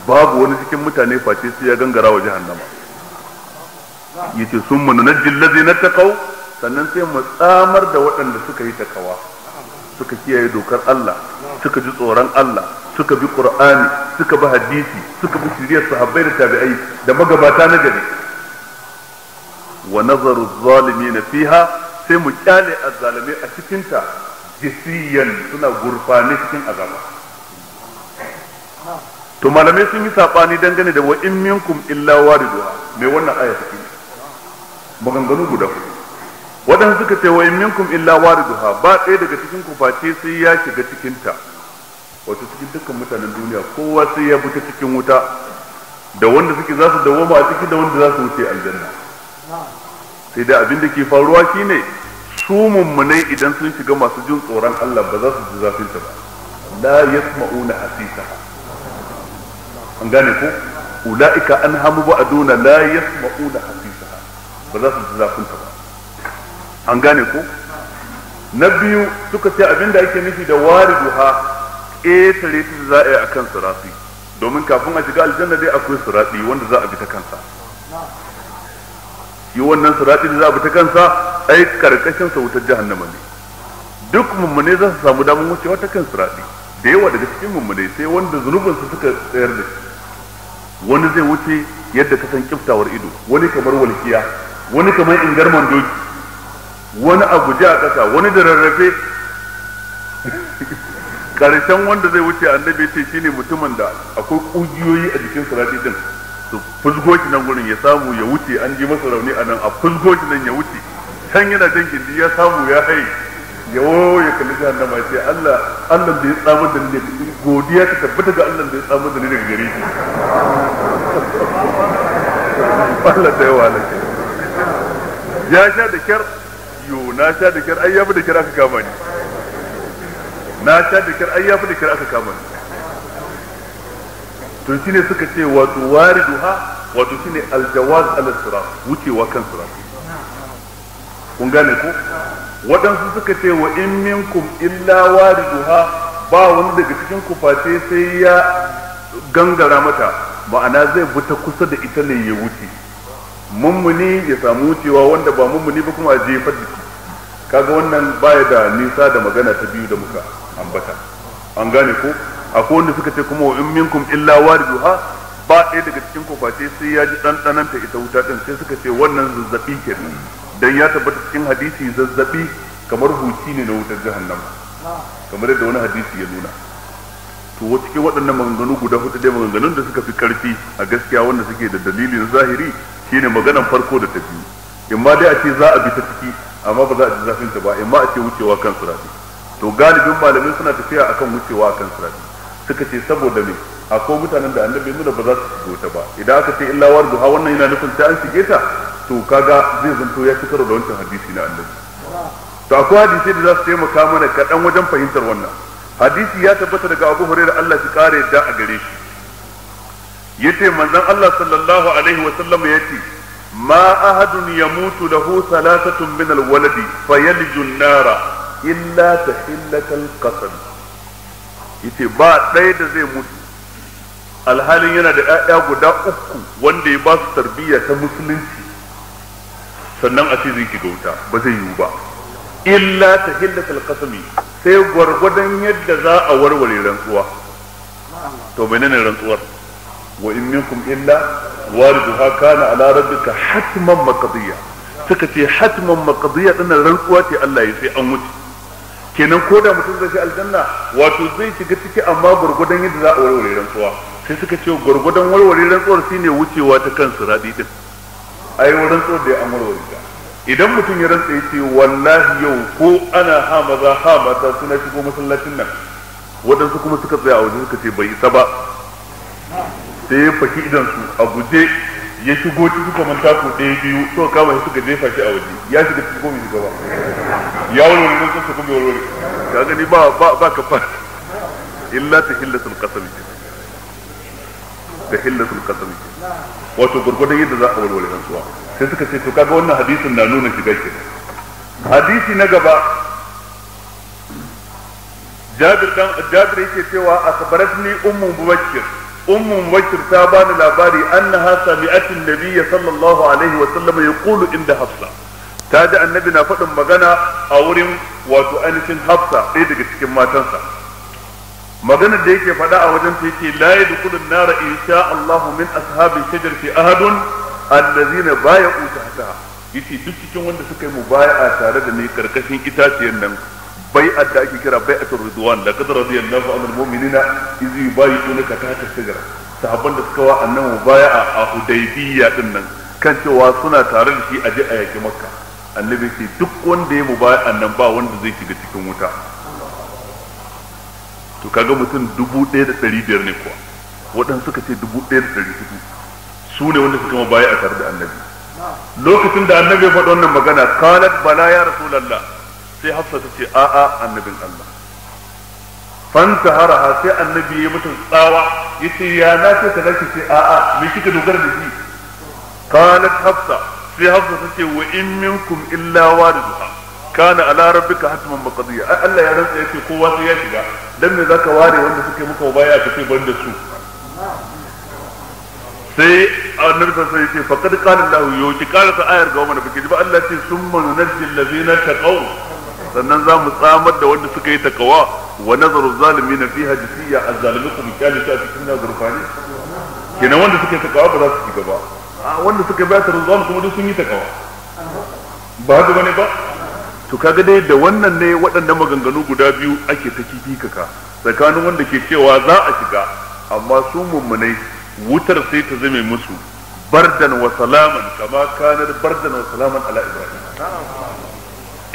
babu wani cikin mutane face sai ya gangara wa jahannama yace summa nunajjil ladzina taqaw sannan sai mu tsamar da waɗanda suka yi takawa suka kiyaye dokar Allah suka ji tsoron Allah suka bi Qur'ani suka bi hadisi suka bi siriyar sahabbai da tabi'ai da magabata na gari wa nazaru zalimin fiha sai mu kyale azzalime a cikin ta jisiyan suna gurfane cikin azaba to malamai sun yi sabani dangane da wa in minkum illa waridu me wannan aya take maganganu guda hudu waɗansu suka ce wai minkum illa wariduha ba ɗaya daga cikin ku face sai ya shiga cikin ta wato cikin dukkan mutanen duniya kowa sai ya fita cikin wuta da wanda suke za su dawoma a ciki da wanda za su wuce aljanna sai da abin da ke faruwa shine su mummunai idan sun shiga masu jin tsoron Allah ba za su ji zafin ta ba la yasma'una hasisa an gane ko ula'ika an ba aduna la yasma'una hasisa ba za su ji zafin ta ba an gane ku na biyu suka ce da ake nufi da wari wariduha ƙetare ta za a yi a kan surafi domin kafin a shiga aljanna dai akwai surafi wanda za a bi ta kansa yi wannan surafi da za a bi ta kansa ai karkashin sa wutar jahannama ne duk mummune za su samu damar wucewa ta kan surafi da yawa daga cikin mummune sai wanda zunubinsu suka tsayar da shi wani zai wuce yadda ka san kiftawar ido wani kamar walkiya wani kamar ingarman doki wani abu ji a ƙasa wani da rarrafe ƙarshen wanda zai wuce annabi ce shine mutumin da akwai ƙugiyoyi a jikin sarati din su fusgo shi nan gurin ya samu ya wuce an ji masa rauni a nan a fusgo shi nan ya wuce can yana jan gindi ya samu ya haye ya wo ya kalli jahannama mace Allah Allah da ya tsamar da ni godiya ta tabbata ga Allah da ya tsamar da ni daga gare shi <laughs> Allah da yawa ya sha da kyar yo na sha da kyar ayyafi da kyar aka kama ni na sha da kyar ayyafi da kyar aka kama ni to shine suka ce wato ha wato shine aljawaz ala sirat wucewa kan sirat kun gane ko waɗansu suka ce wa in minkum illa ha ba wani daga cikin ku face sai ya gangara mata ma'ana zai bi ta kusa da ita ne ya wuce mummuni ya samu wucewa wanda ba mummuni ba kuma a jefar da kaga wannan baya da nisa da magana ta biyu da muka ambata an gane ko akwai wanda suka ce kuma wa in minkum illa wariduha ba ɗaya daga cikin koface sai ya ji ɗanɗanan ta ita wuta ɗin sai suka ce wannan zazzaɓi kenan dan ya tabbata cikin hadisi zazzaɓi kamar huci ne na wutar nan kamar yadda wani hadisi ya nuna to cikin waɗannan maganganu guda hudu dai maganganun da suka fi ƙarfi a gaskiya wanda suke da dalili na zahiri shine maganan farko da ta biyu in ma dai a ce za a bi ta ciki amma ba za a ji zafin ta ba in ma a ce wucewa kan surafi. to galibin malamai suna tafiya akan wucewa kan surafi. suka ce saboda me akwai mutanen da annabi nuna ba za su shigo ta ba idan aka ce illa wardu ha wannan yana nufin sai an shige ta to kaga zai zanto ya ci karo da wancan hadisi na annabi to akwai hadisi da za su taimaka mana kaɗan wajen fahimtar wannan hadisi ya tabbata daga abu hurairah Allah shi kare da a gare shi yace manzon Allah sallallahu alaihi wa sallam yace ma ahadun yamutu lahu salatatun min alwaladi fayalju an-nara illa tahillatal qasam yace ba ɗaya da zai mutu alhalin yana da ƴaƴa guda uku wanda ya ba su tarbiyya ta musulunci sannan a ce zai ki wuta ba zai yiwu ba illa tahillatal qasam sai gwargwadon yadda za a warware rantsuwa to menene rantsuwar wa in minkum illa wariduha kana ala rabbika hatman maqdiya suka ce hatman maqdiya din rantsuwa ce Allah ya sai an wuce kenan ko da mutum zai aljanna wato zai shiga ciki amma gurgudan yadda za a warware rantsuwa sai suka ce gurgudan warware rantsuwar shine wucewa ta kan siradi din ai rantsuwar da ya an warware ta idan mutum ya rantsa yace wallahi yau ko ana ha maza ha mata suna shigo masallacin nan waɗansu kuma suka tsaya a waje suka ce bai isa ba sai ya faki idan su a guje ya shigo ciki kamar taku ɗaya biyu to kama shi suka jefa shi a waje ya shiga cikin komai bai shiga ba ya wani wani sun ko bai wani ka gani ba ba ba ka fara illa ta hillatul qasami ta sun qasami wato gurgurdan yadda za a walwale suwa sai suka ce to kaga wannan hadisin na nuna shiga ke hadisi na gaba jabir dan jabir yake cewa akhbaratni ummu mubashir ummun bakir ta bani labari annaha sami'atin nabiyya sallallahu alaihi wa sallam yaqulu inda hafsa ta ji annabi na faɗin magana a wurin wato ainihin hafsa ɗaya daga cikin matansa maganar da yake faɗa a wajen ta yake la yadkhulu an-nara insha Allahu min ashabi shajarati ahadun baya bay'u tahtaha yace duk cikin wanda suka yi mubaya'a tare da ni karkashin itaciyar nan bai da ake kira da bai'atul ridwan laqad radiyallahu anil mu'minina iz ta tahta shajara sahabban da suka wa annabi ya a hudaybiyya din nan kan cewa suna tare da shi a je a yaki makka annabi ce duk wanda ya mu a nan ba wanda zai shiga cikin wuta to kaga mutum dubu ɗaya da ɗari biyar ne kuwa waɗansu suka ce dubu ɗaya da ɗari hudu su ne wanda suka baya a tare da annabi lokacin da annabi ya faɗi wannan magana kanat bala ya rasulallah sai hafsa ta ce a'a annabin Allah fanta haraha sai annabi ya mutum tsawa yace ya na ce ka zaki ce a'a me kika dogara da shi qalat hafsa sai hafsa ta ce wa in minkum illa waridha kana ala rabbika hatman maqdiya ai Allah ya rantsa yace kowa sai ya shiga dan me zaka ware wanda suke muka baya ka ce banda su sai annabi sallallahu alaihi wasallam faqad qala Allah yau ki karasa ayar ga wannan biki ba Allah ce summa nunajjil ladina taqaw sannan za mu tsamar da wanda suka yi takawa wa nazaru fiha fi a zalimi ku bikali ta cikin na zurfani kenan wanda suka yi takawa ba za su gaba ba wanda suka yi ba tarzan kuma duk sun yi takawa ba haka bane ba to kaga dai da wannan ne waɗannan maganganu guda biyu ake ta kaka tsakanin wanda ke cewa za a shiga amma su mummunai wutar sai ta zame musu bardan wa salaman kama kanar bardan wa salaman ala ibrahim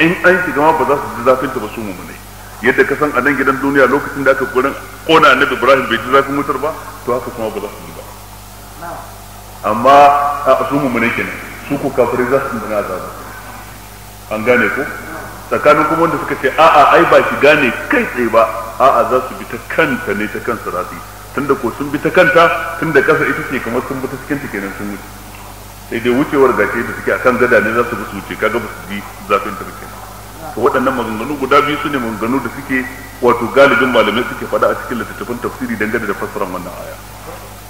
in an shiga ma ba za su ji zafin ta ba su mummune yadda ka san a nan gidan duniya lokacin da aka gurin kona annabi Ibrahim bai ji zafin wutar ba to haka kuma ba za su ji ba amma a su mumune kenan su ko kafirai za su a azaba an gane ko tsakanin kuma wanda suka ce a'a ai ba shi gane kai tsaye ba a'a za su bi ta kanta ne ta kan tun tunda ko sun bi ta kanta tunda kasa ita ce kamar sun bi ta cikin kenan sun wuce sai dai wucewar gashi da suke akan gada ne za su bi su wuce kaga ba su ji zafin ta to waɗannan maganganu guda biyu su ne maganganu da suke wato galibin malamai suke faɗa a cikin littattafan tafsiri dangane da fassarar wannan aya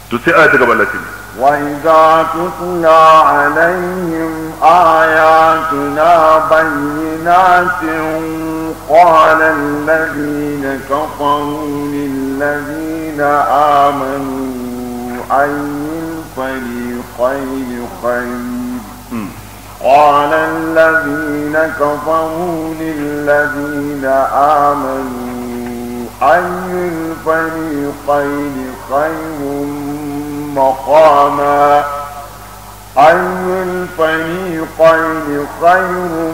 to sai aya ta gaba lafiya وإذا تتلى عليهم آياتنا بينات قال الذين كفروا للذين آمنوا أي الفريقين خير قال الذين كفروا للذين آمنوا أي الفريقين خير مقاما أي الفريقين خير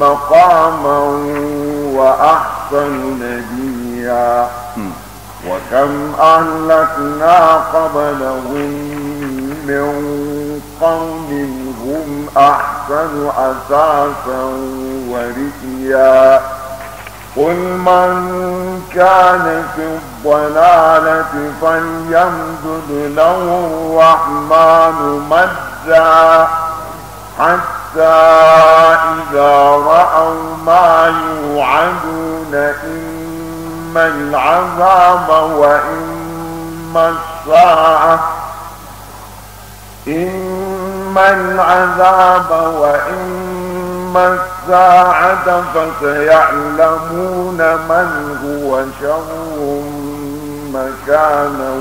مقاما وأحسن نبيا وكم أهلكنا قبلهم من قوم هم أحسن أساسا ورئيا قل من كان في الضلالة فليمدد له الرحمن مدا حتى إذا رأوا ما يوعدون إما العذاب وإما الساعة إما العذاب وإما الساعة فسيعلمون من هو شر مكانا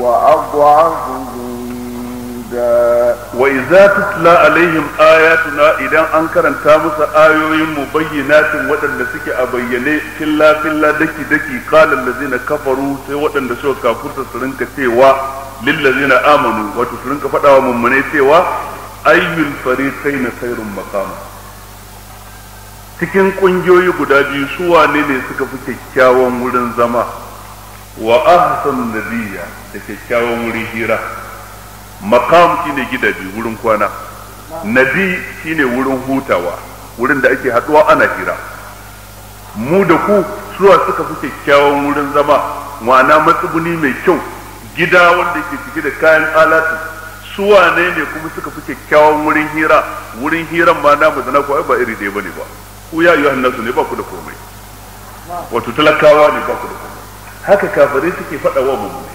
وأضعف huda wa idza tutla alaihim ayatuna idan an karanta musu ayoyin mu bayyinatin waɗanda suke a bayyane filla filla daki daki qala allazina kafaru sai waɗanda suka kafurta su rinka cewa lil ladzina amanu wato su rinka faɗawa cewa ayyul fariqaina khairun maqama cikin kungiyoyi guda biyu su wane ne suka fi kyakkyawan wurin zama wa ahsan nabiyya da kyakkyawan wuri hira shi shine gidaje wurin kwana nabi shine wurin hutawa wurin da ake haɗuwa ana hira mu da ku suwa suka fi kyakkyawan wurin zama wana matsuguni mai kyau gida wanda ke cike da kayan alatu suwa ne ne kuma suka fi kyakkyawan wurin hira wurin hiran ma na mazana kuwa, ba iri ɗaya bane ba ku ya yi nasu ne ba ku da komai wato talakawa ne ba ku da komai haka kafirai suke faɗa wa mummuni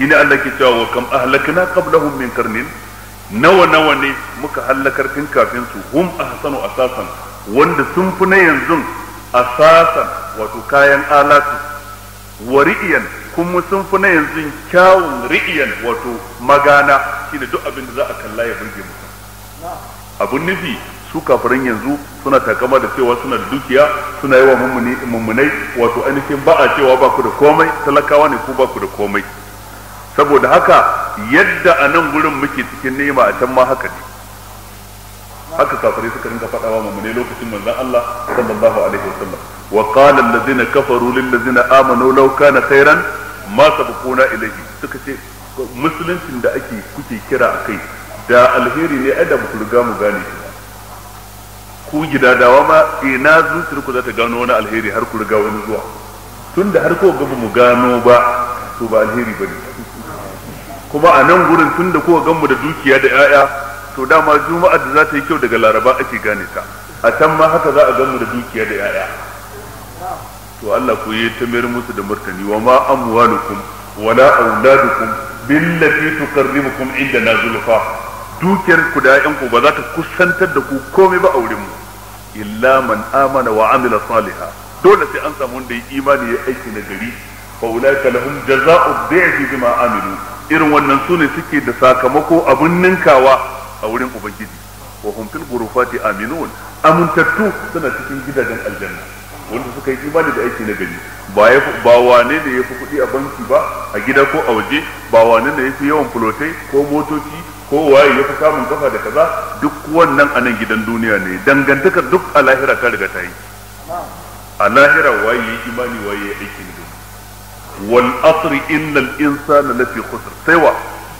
ne Allah ke cewa wa kam ahlakna qablahum min qarnin nawa nawa ne muka hallakar tun kafin su hum ahsanu asasan wanda sun fi na yanzu asasan wato kayan alatu wa kuma sun fi na yanzu kyawun riyan wato magana shine duk abin da za a kalla ya burge mu. abun nufi su kafirin yanzu suna takama da cewa suna da dukiya suna yi wa mummunai wato ainihin ba a cewa ba ku da komai talakawa ne ku ba ku da komai saboda haka yadda a nan gurin muke cikin nema a can ma haka ne haka kafirai suka rinka faɗawa mamane lokacin manzon Allah sallallahu alaihi wasallam wa qala allazina kafaru lil ladzina amanu law kana khairan ma sabquna ilayhi suka ce musuluncin da ake kuke kira akai da alheri ne ai da ku riga mu gane shi ku gidadawa ma ina zuciyar ku za ta gano wani alheri har ku riga wani zuwa tunda har ko gaba mu gano ba to ba alheri bane kuma a nan gurin tun da kowa ganmu da dukiya da 'ya'ya to dama juma'a da za ta yi kyau daga laraba ake gane ta a can ma haka za a ganmu da dukiya da 'ya'ya to Allah ku yi ta mayar musu da martani wa ma amwalukum wala auladukum billati tuqarribukum inda nazulfa dukiyar ku da 'ya'yan ku ba za ta kusantar da ku komai ba a wurin mu illa man amana wa amila saliha dole sai an samu wanda ya imani ya aiki na gari fa ulaka lahum jazaa'u dhi'fi bima amilu irin wannan su ne suke da sakamako abin ninkawa a wurin ubangiji wa hum fil ghurufati amintattu suna cikin gidajen aljanna wanda suka yi imani da aiki na gari ba ya ba wane ne yafi kuɗi a banki ba a gida ko a waje ba wane ne fi yawan fulotai ko motoci ko waye ya fi samun kafa da kaza duk wannan a nan gidan duniya ne dangantakar duk a lahira ta riga ta yi a lahira waye ya imani waye ya aiki wal asri innal na lafi khusr sai wa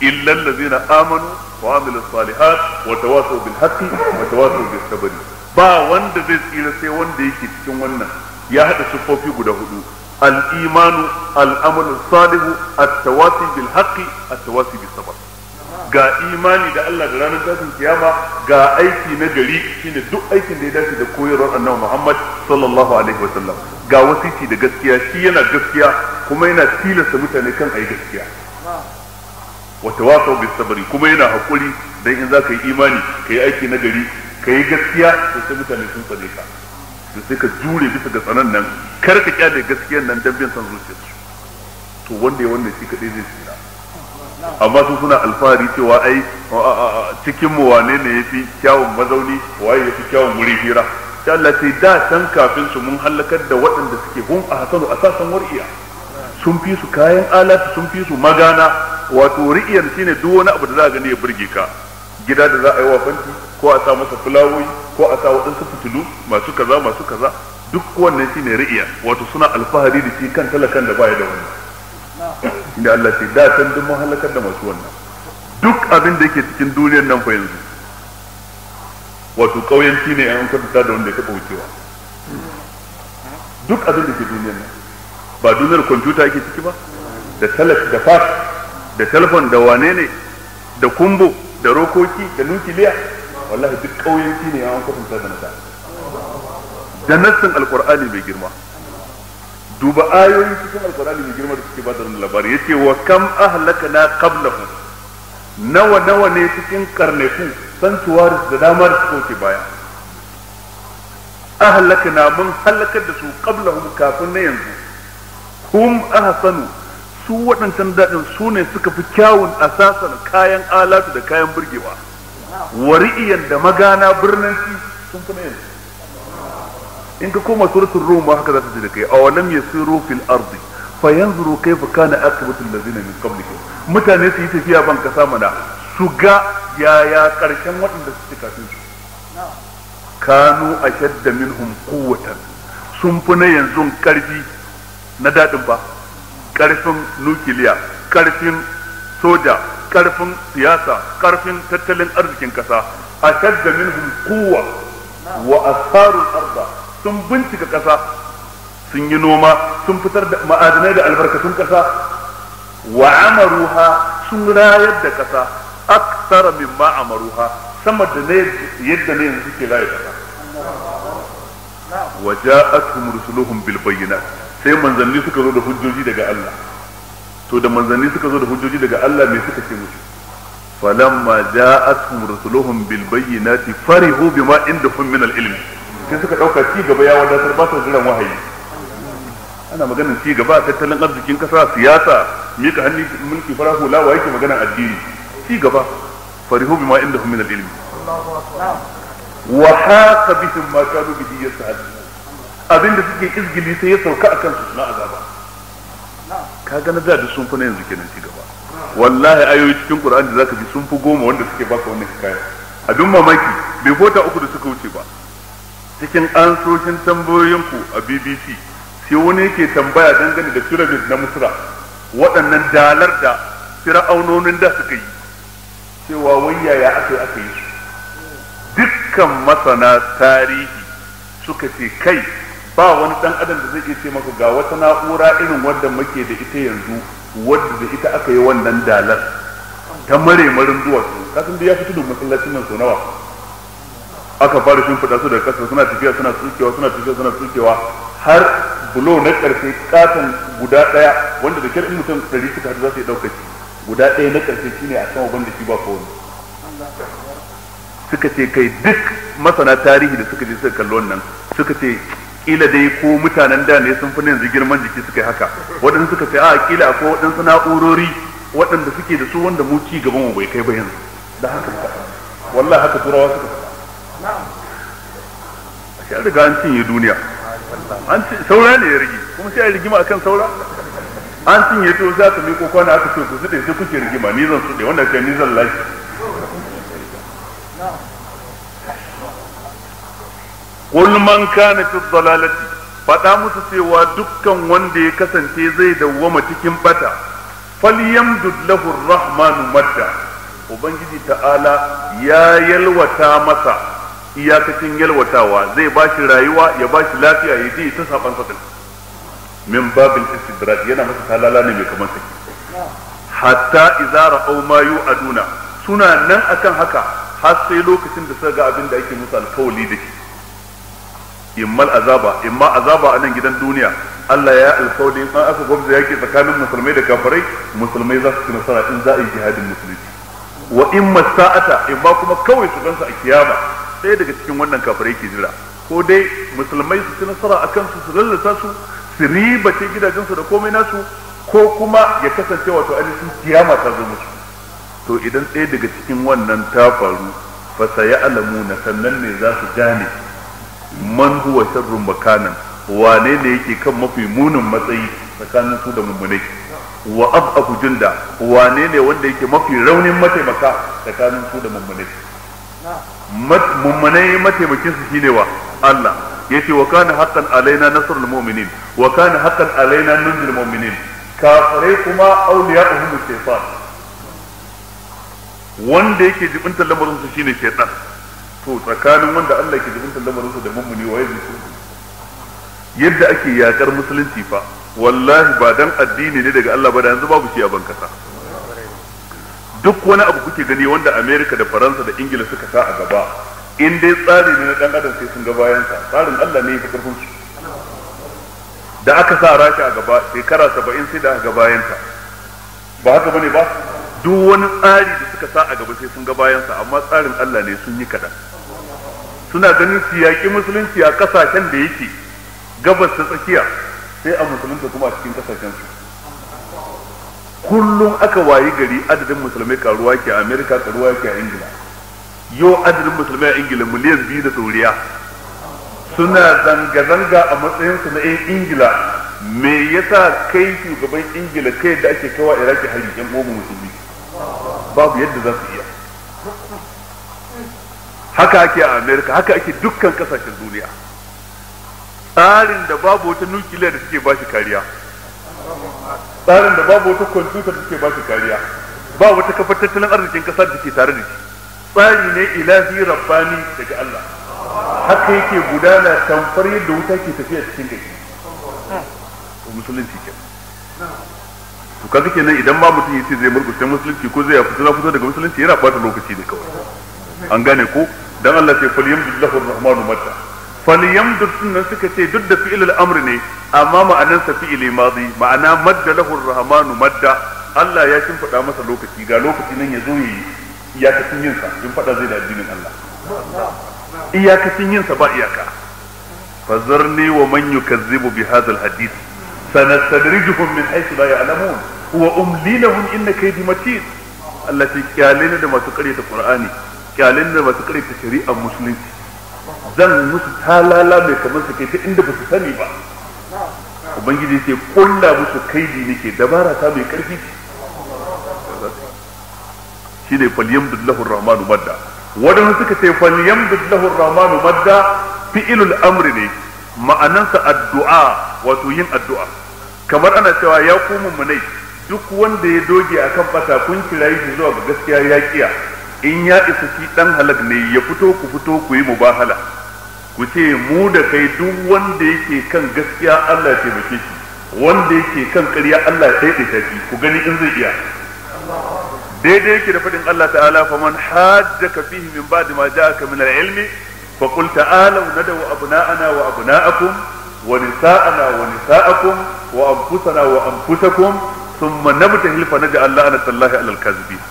illa allazina amanu wa amilu salihat wa tawasaw bil haqqi wa tawasaw bis sabr ba wanda zai tsira sai wanda yake cikin wannan ya haɗa sufofi guda hudu al imanu al amalu salihu at tawasi bil haqqi at tawasi bis sabr ga imani da Allah da ranar tashin kiyama ga aiki na gari shine duk aikin da ya dace da koyarwar annabi Muhammad sallallahu alaihi wa sallam ga wasiti da gaskiya shi yana gaskiya kuma yana tilasta mutane kan ayi gaskiya wa tawasau bis sabri kuma yana hakuri dan in zaka yi imani kai aiki na gari kai gaskiya to sai mutane sun tsare ka to sai ka jure bisa ga tsanan nan kar ka kyale gaskiyar nan dan bin san zuciyarsu to wanda ya wannan shi kadai zai amma su suna alfahari cewa ai cikin mu wane ne yafi kyawun mazauni waye yafi kyawun wuri hira sai Allah sai da can kafin su mun halakar da waɗanda suke hun a hasanu sasan war'iya sun fi su kayan alatu sun fi su magana wato ri'iyar shine duk wani abu da za a gani ya burge ka gida da za a yi wa fanti ko a sa masa fulawoyi ko a sa waɗansu fitilu masu kaza masu kaza duk wannan shine ri'iya wato suna alfahari da shi kan talakan da baya da wani inda Allah ce da san duk mun halakar da masu wannan duk abin da yake cikin duniyar nan fa yanzu wato kauyanci ne an kwatanta da wanda ya taɓa wucewa duk abin da ke duniyar nan ba duniyar kwamfuta yake ciki ba da talaf da fax da telefon da wane ne da kumbo da rokoki da nukiliya wallahi duk kauyanci ne an kwatanta da nata da nassin alkur'ani mai girma duba ayoyin cikin alkurani mai girma da suke ba da labari ya ce wa kam ahlakana qablahum nawa nawa ne cikin karnaku santuwaris da damar su wuce baya na mun halakar da su qablahum kafin na yanzu hum ahsanu su waɗancan daɗin su ne suka fi kyawun asasan kayan alatu da kayan burgewa wari'iyan da magana birnin sun fi na yanzu in ka koma suratul rum ba haka za ta ji da kai awalam yasiru fil ardi fayanzuru kayfa kana aqibatul ladzina min qablihim mutane su yi tafiya ban kasa mana su ga yaya karshen waɗanda suke kafin su kanu ashadda minhum quwwatan sun fi na yanzu karfi na daɗin ba karfin nukiliya karfin soja karfin siyasa karfin tattalin arzikin ƙasa, ashadda minhum quwwa wa asaru arda sun bincika ƙasa sun yi noma sun fitar da ma'adanai da albarkatun ƙasa wa amaruha sun rayar da ƙasa aksara mimma amaruha sama da ne yadda ne yanzu ke rayar ƙasa wa ja'atuhum rusuluhum bil bayyinat sai manzanni suka zo da hujjoji daga Allah to da manzanni suka zo da hujjoji daga Allah me suka ce musu falamma ja'atuhum rusuluhum bil bayyinati farihu bima indahum min al ilmi sai suka ɗauka ci gaba ya wadatar ba su jiran wahayi ana maganin ci gaba tattalin arzikin kasa siyasa mika hannu mulki fara hula wa yake maganar addini ci gaba farihu bima inda hum min al-ilmi wa haqa bihim ma kanu bihi yasta'dun abinda suke izgili sai ya sauka akan su na azaba ka ga na da sun fi na yanzu kenan ci gaba wallahi ayoyi cikin qur'ani da zaka ji sun fi goma wanda suke baka wannan hikaya abin mamaki bai bota uku da suka wuce ba cikin ansoshin tambayoyinku a BBC sai wani yake tambaya dangane da pyramid na Misra waɗannan dalar da fir'aunonin da suka yi cewa wai yaya aka yi aka yi dukkan masana tarihi suka ce kai ba wani dan adam da zai iya ce maka ga wata na'ura irin wadda muke da ita yanzu wadda da ita aka yi wannan dalar ta mare marin duwatsu kasan da ya fito da masallacin nan so nawa aka fara fada su da kasa suna tafiya suna tsukewa suna tafiya suna tsukewa har bulo na karfe katon guda ɗaya wanda da kyar in mutum ɗari suka hadu za su yi guda ɗaya na shi shine a sama banda shi ba kowane suka ce kai duk masana tarihi da suka je suka kalli wannan suka ce kila dai ko mutanen da ne sun fi yanzu girman jiki suka yi haka waɗansu suka ce a kila akwai waɗansu na'urori waɗanda suke da su wanda mu ci gaban mu bai kai ba yanzu da haka wallahi haka turawa suka A sai riga an cinye duniya saura ne ya rage kuma sai a rigima akan saura an cinye to za ka miko kwana aka ce ku suɗe sai kuke rigima ni zan suɗe wanda ce ni zan lashe qul man kana fi dhalalati faɗa musu cewa dukkan wanda ya kasance zai dawwama cikin bata falyamdud lahu rahmanu madda ubangiji ta'ala ya yalwata masa iyakacin yalwatawa zai ba shi rayuwa ya ba shi lafiya ya je ta saban sadin min babil istidrak yana masa talala ne mai kamar saki hatta idza ra'aw ma yu'aduna suna nan akan haka har sai lokacin da suka ga abin da ake musu alkawali da shi immal azaba imma azaba a nan gidan duniya Allah ya alkawali in aka gwamza yaki tsakanin musulmai da kafirai musulmai za su ci nasara in za a yi jihadin musulunci wa imma sa'ata imma kuma kawai su gansa a kiyama ɗaya daga cikin wannan kafirai ke jira ko dai musulmai su ci nasara a kansu su lallata su su riba ce gidajensu da komai nasu ko kuma ya kasance wato ainihin kiyama ta zo musu to idan ɗaya daga cikin wannan ta faru fa saya alamu na sannan ne za su gane man huwa sharrun makanan wane ne yake kan mafi munin matsayi tsakanin su da mummunai wa abu junda wane ne wanda yake mafi raunin mataimaka tsakanin su da mummunai mummanai mataimakin su shine wa Allah yace wa kana haqqan alaina nasrul mu'minin wa kana haqqan alaina nunjil mu'minin kafare kuma awliya'uhum shaytan wanda yake jibinta lamarin su shine shaytan to tsakanin wanda Allah ke jibinta lamarin su da mummuni waye zai yadda ake yakar musulunci fa wallahi ba dan addini ne daga Allah ba da yanzu babu shi a bankasa duk wani abu kuke gani wanda Amerika da Faransa da Ingila suka sa a gaba in dai tsari ne na dan adam sai sun ga bayansa tsarin Allah ne ya fi karfin su da aka sa rasha a gaba shekara saba'in sai da aka ga bayansa. ba haka bane ba duk wani tsari da suka sa a gaba sai sun ga bayansa amma tsarin Allah ne sun yi kaɗan suna ganin su yaƙi musulunci a ƙasashen da yake gabas ta tsakiya sai a musulunta kuma a cikin ƙasashen su kullum aka wayi gari adadin musulmai karuwa ke a amerika karuwa ke a ingila yau adadin musulmai a ingila miliyan biyu da tsoriya suna zanga-zanga a matsayinsu na 'yan ingila me yasa kai shugaban ingila kai da ake kawa iraki hari yan uwan musulmi babu yadda za su iya haka ake a amerika haka ake dukkan kasashen duniya tsarin da babu wata nukiliya da suke ba shi kariya tsarin da babu wata kwamfuta da suke ba kariya ba wata kafar tattalin arzikin kasa da ke tare da shi tsari ne ilahi rabbani daga Allah haka yake gudana tamfar yadda wuta ke tafiya cikin gari musulunci ke to kaga kenan idan ba mutum yace zai murkushe musulunci ko zai fita na fito daga musulunci yana bata lokaci ne kawai an gane ko dan Allah sai fal yamdu lahu rahmanu matta falyamdud din nan suka ce duk da fi'il al ne amma ma'anan sa fi'ili madi ma'ana madda lahu ar-rahmanu madda Allah ya shimfida masa lokaci ga lokaci nan ya zo yi iyakacin yin sa in fada zai da addinin Allah iyakacin yin sa ba iyaka fazarni wa man yukazzibu bi hadha al-hadith sanastadrijuhum min haythu la ya'lamun wa umli lahum inna kaydi matin Allah ce kyalin da masu karya karyata Qur'ani kyalin da masu karya karyata shari'ar musulunci zan musu talala mai kamar su kai ta inda ba su sani ba ubangiji ce kulla musu kaidi nake dabara ta mai karfi shi ne falyam falyamdullahu rahmanu madda wadanda suka ce falyamdullahu rahmanu madda fi'ilul amri ne ma'anansa addu'a wato yin addu'a kamar ana cewa ya kuma munai duk wanda ya doge akan fata kun kira shi zuwa ga gaskiya ya kiya in ya isa shi dan halak ne ya fito ku fito ku yi mubahala ku ce mu da kai duk wanda yake kan gaskiya Allah ya taimake shi wanda yake kan ƙarya Allah ya daidaita shi ku gani in zai iya daidai yake da faɗin Allah ta'ala fa man hajjaka fihi min ba'di ma ja'aka min al-ilmi fa qul ta'alu nadaw abna'ana wa abna'akum wa nisa'ana wa nisa'akum wa anfusana wa anfusakum thumma nabtahil fa Allah la'nata Allahi 'alal kadhibin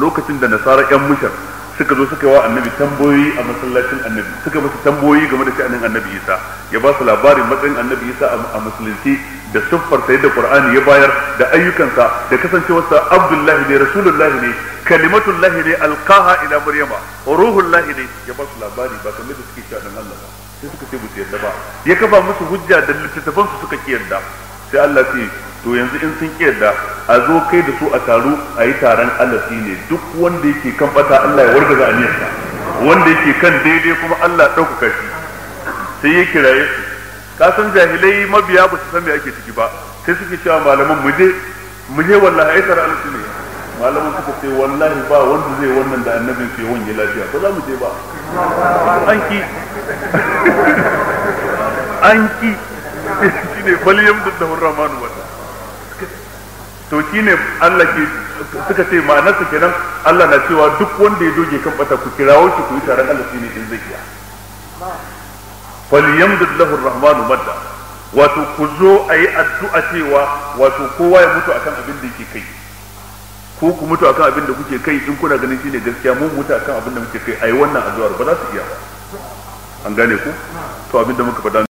lokacin da nasara yan mushrik suka zo suka yi wa annabi tambayoyi a masallacin annabi suka masa game da sha'anin annabi isa ya ba su labarin matsayin annabi isa a musulunci da siffar sai da qur'ani ya bayar da ayyukansa da kasancewarsa abdullahi ne rasulullahi ne kalimatullahi ne alqaha ila maryama ruhullahi ne ya ba su labari ba kamar da suke sha'anin Allah ba sai suka ce yarda ba ya kafa musu hujja da littattafansu suka ki yarda sai Allah ce to yanzu in sun yadda a zo kai da su a taru a yi taron shi ne duk wanda yake kan bata Allah ya wargaza aniyarsa wanda yake kan daidai kuma Allah ya ɗaukaka shi sai ya kiraye su ka san jahilai mabiya ba su san me ake ciki ba sai suke cewa malaman mu je mu je wallahi ai taron alasi ne malaman suka ce wallahi ba wanda zai wannan da annabin ke wanye lafiya ba za mu je ba an ki <laughs> an ki <laughs> shine baliyam da rahmanu wa to ne Allah ke suka ce ma'anarsa kenan Allah na cewa duk wanda ya doge kan bata ku kirawo shi ku yi taron Allah ne in zakiya falyamdud lahu arrahmanu madda wato ku zo a yi addu'a cewa wato kowa ya mutu akan abin da yake kai ko ku mutu akan abin da kuke kai in kuna ganin ne gaskiya mun mutu akan abin da muke kai yi wannan addu'ar ba za su iya ba an gane ku to abin da muka faɗa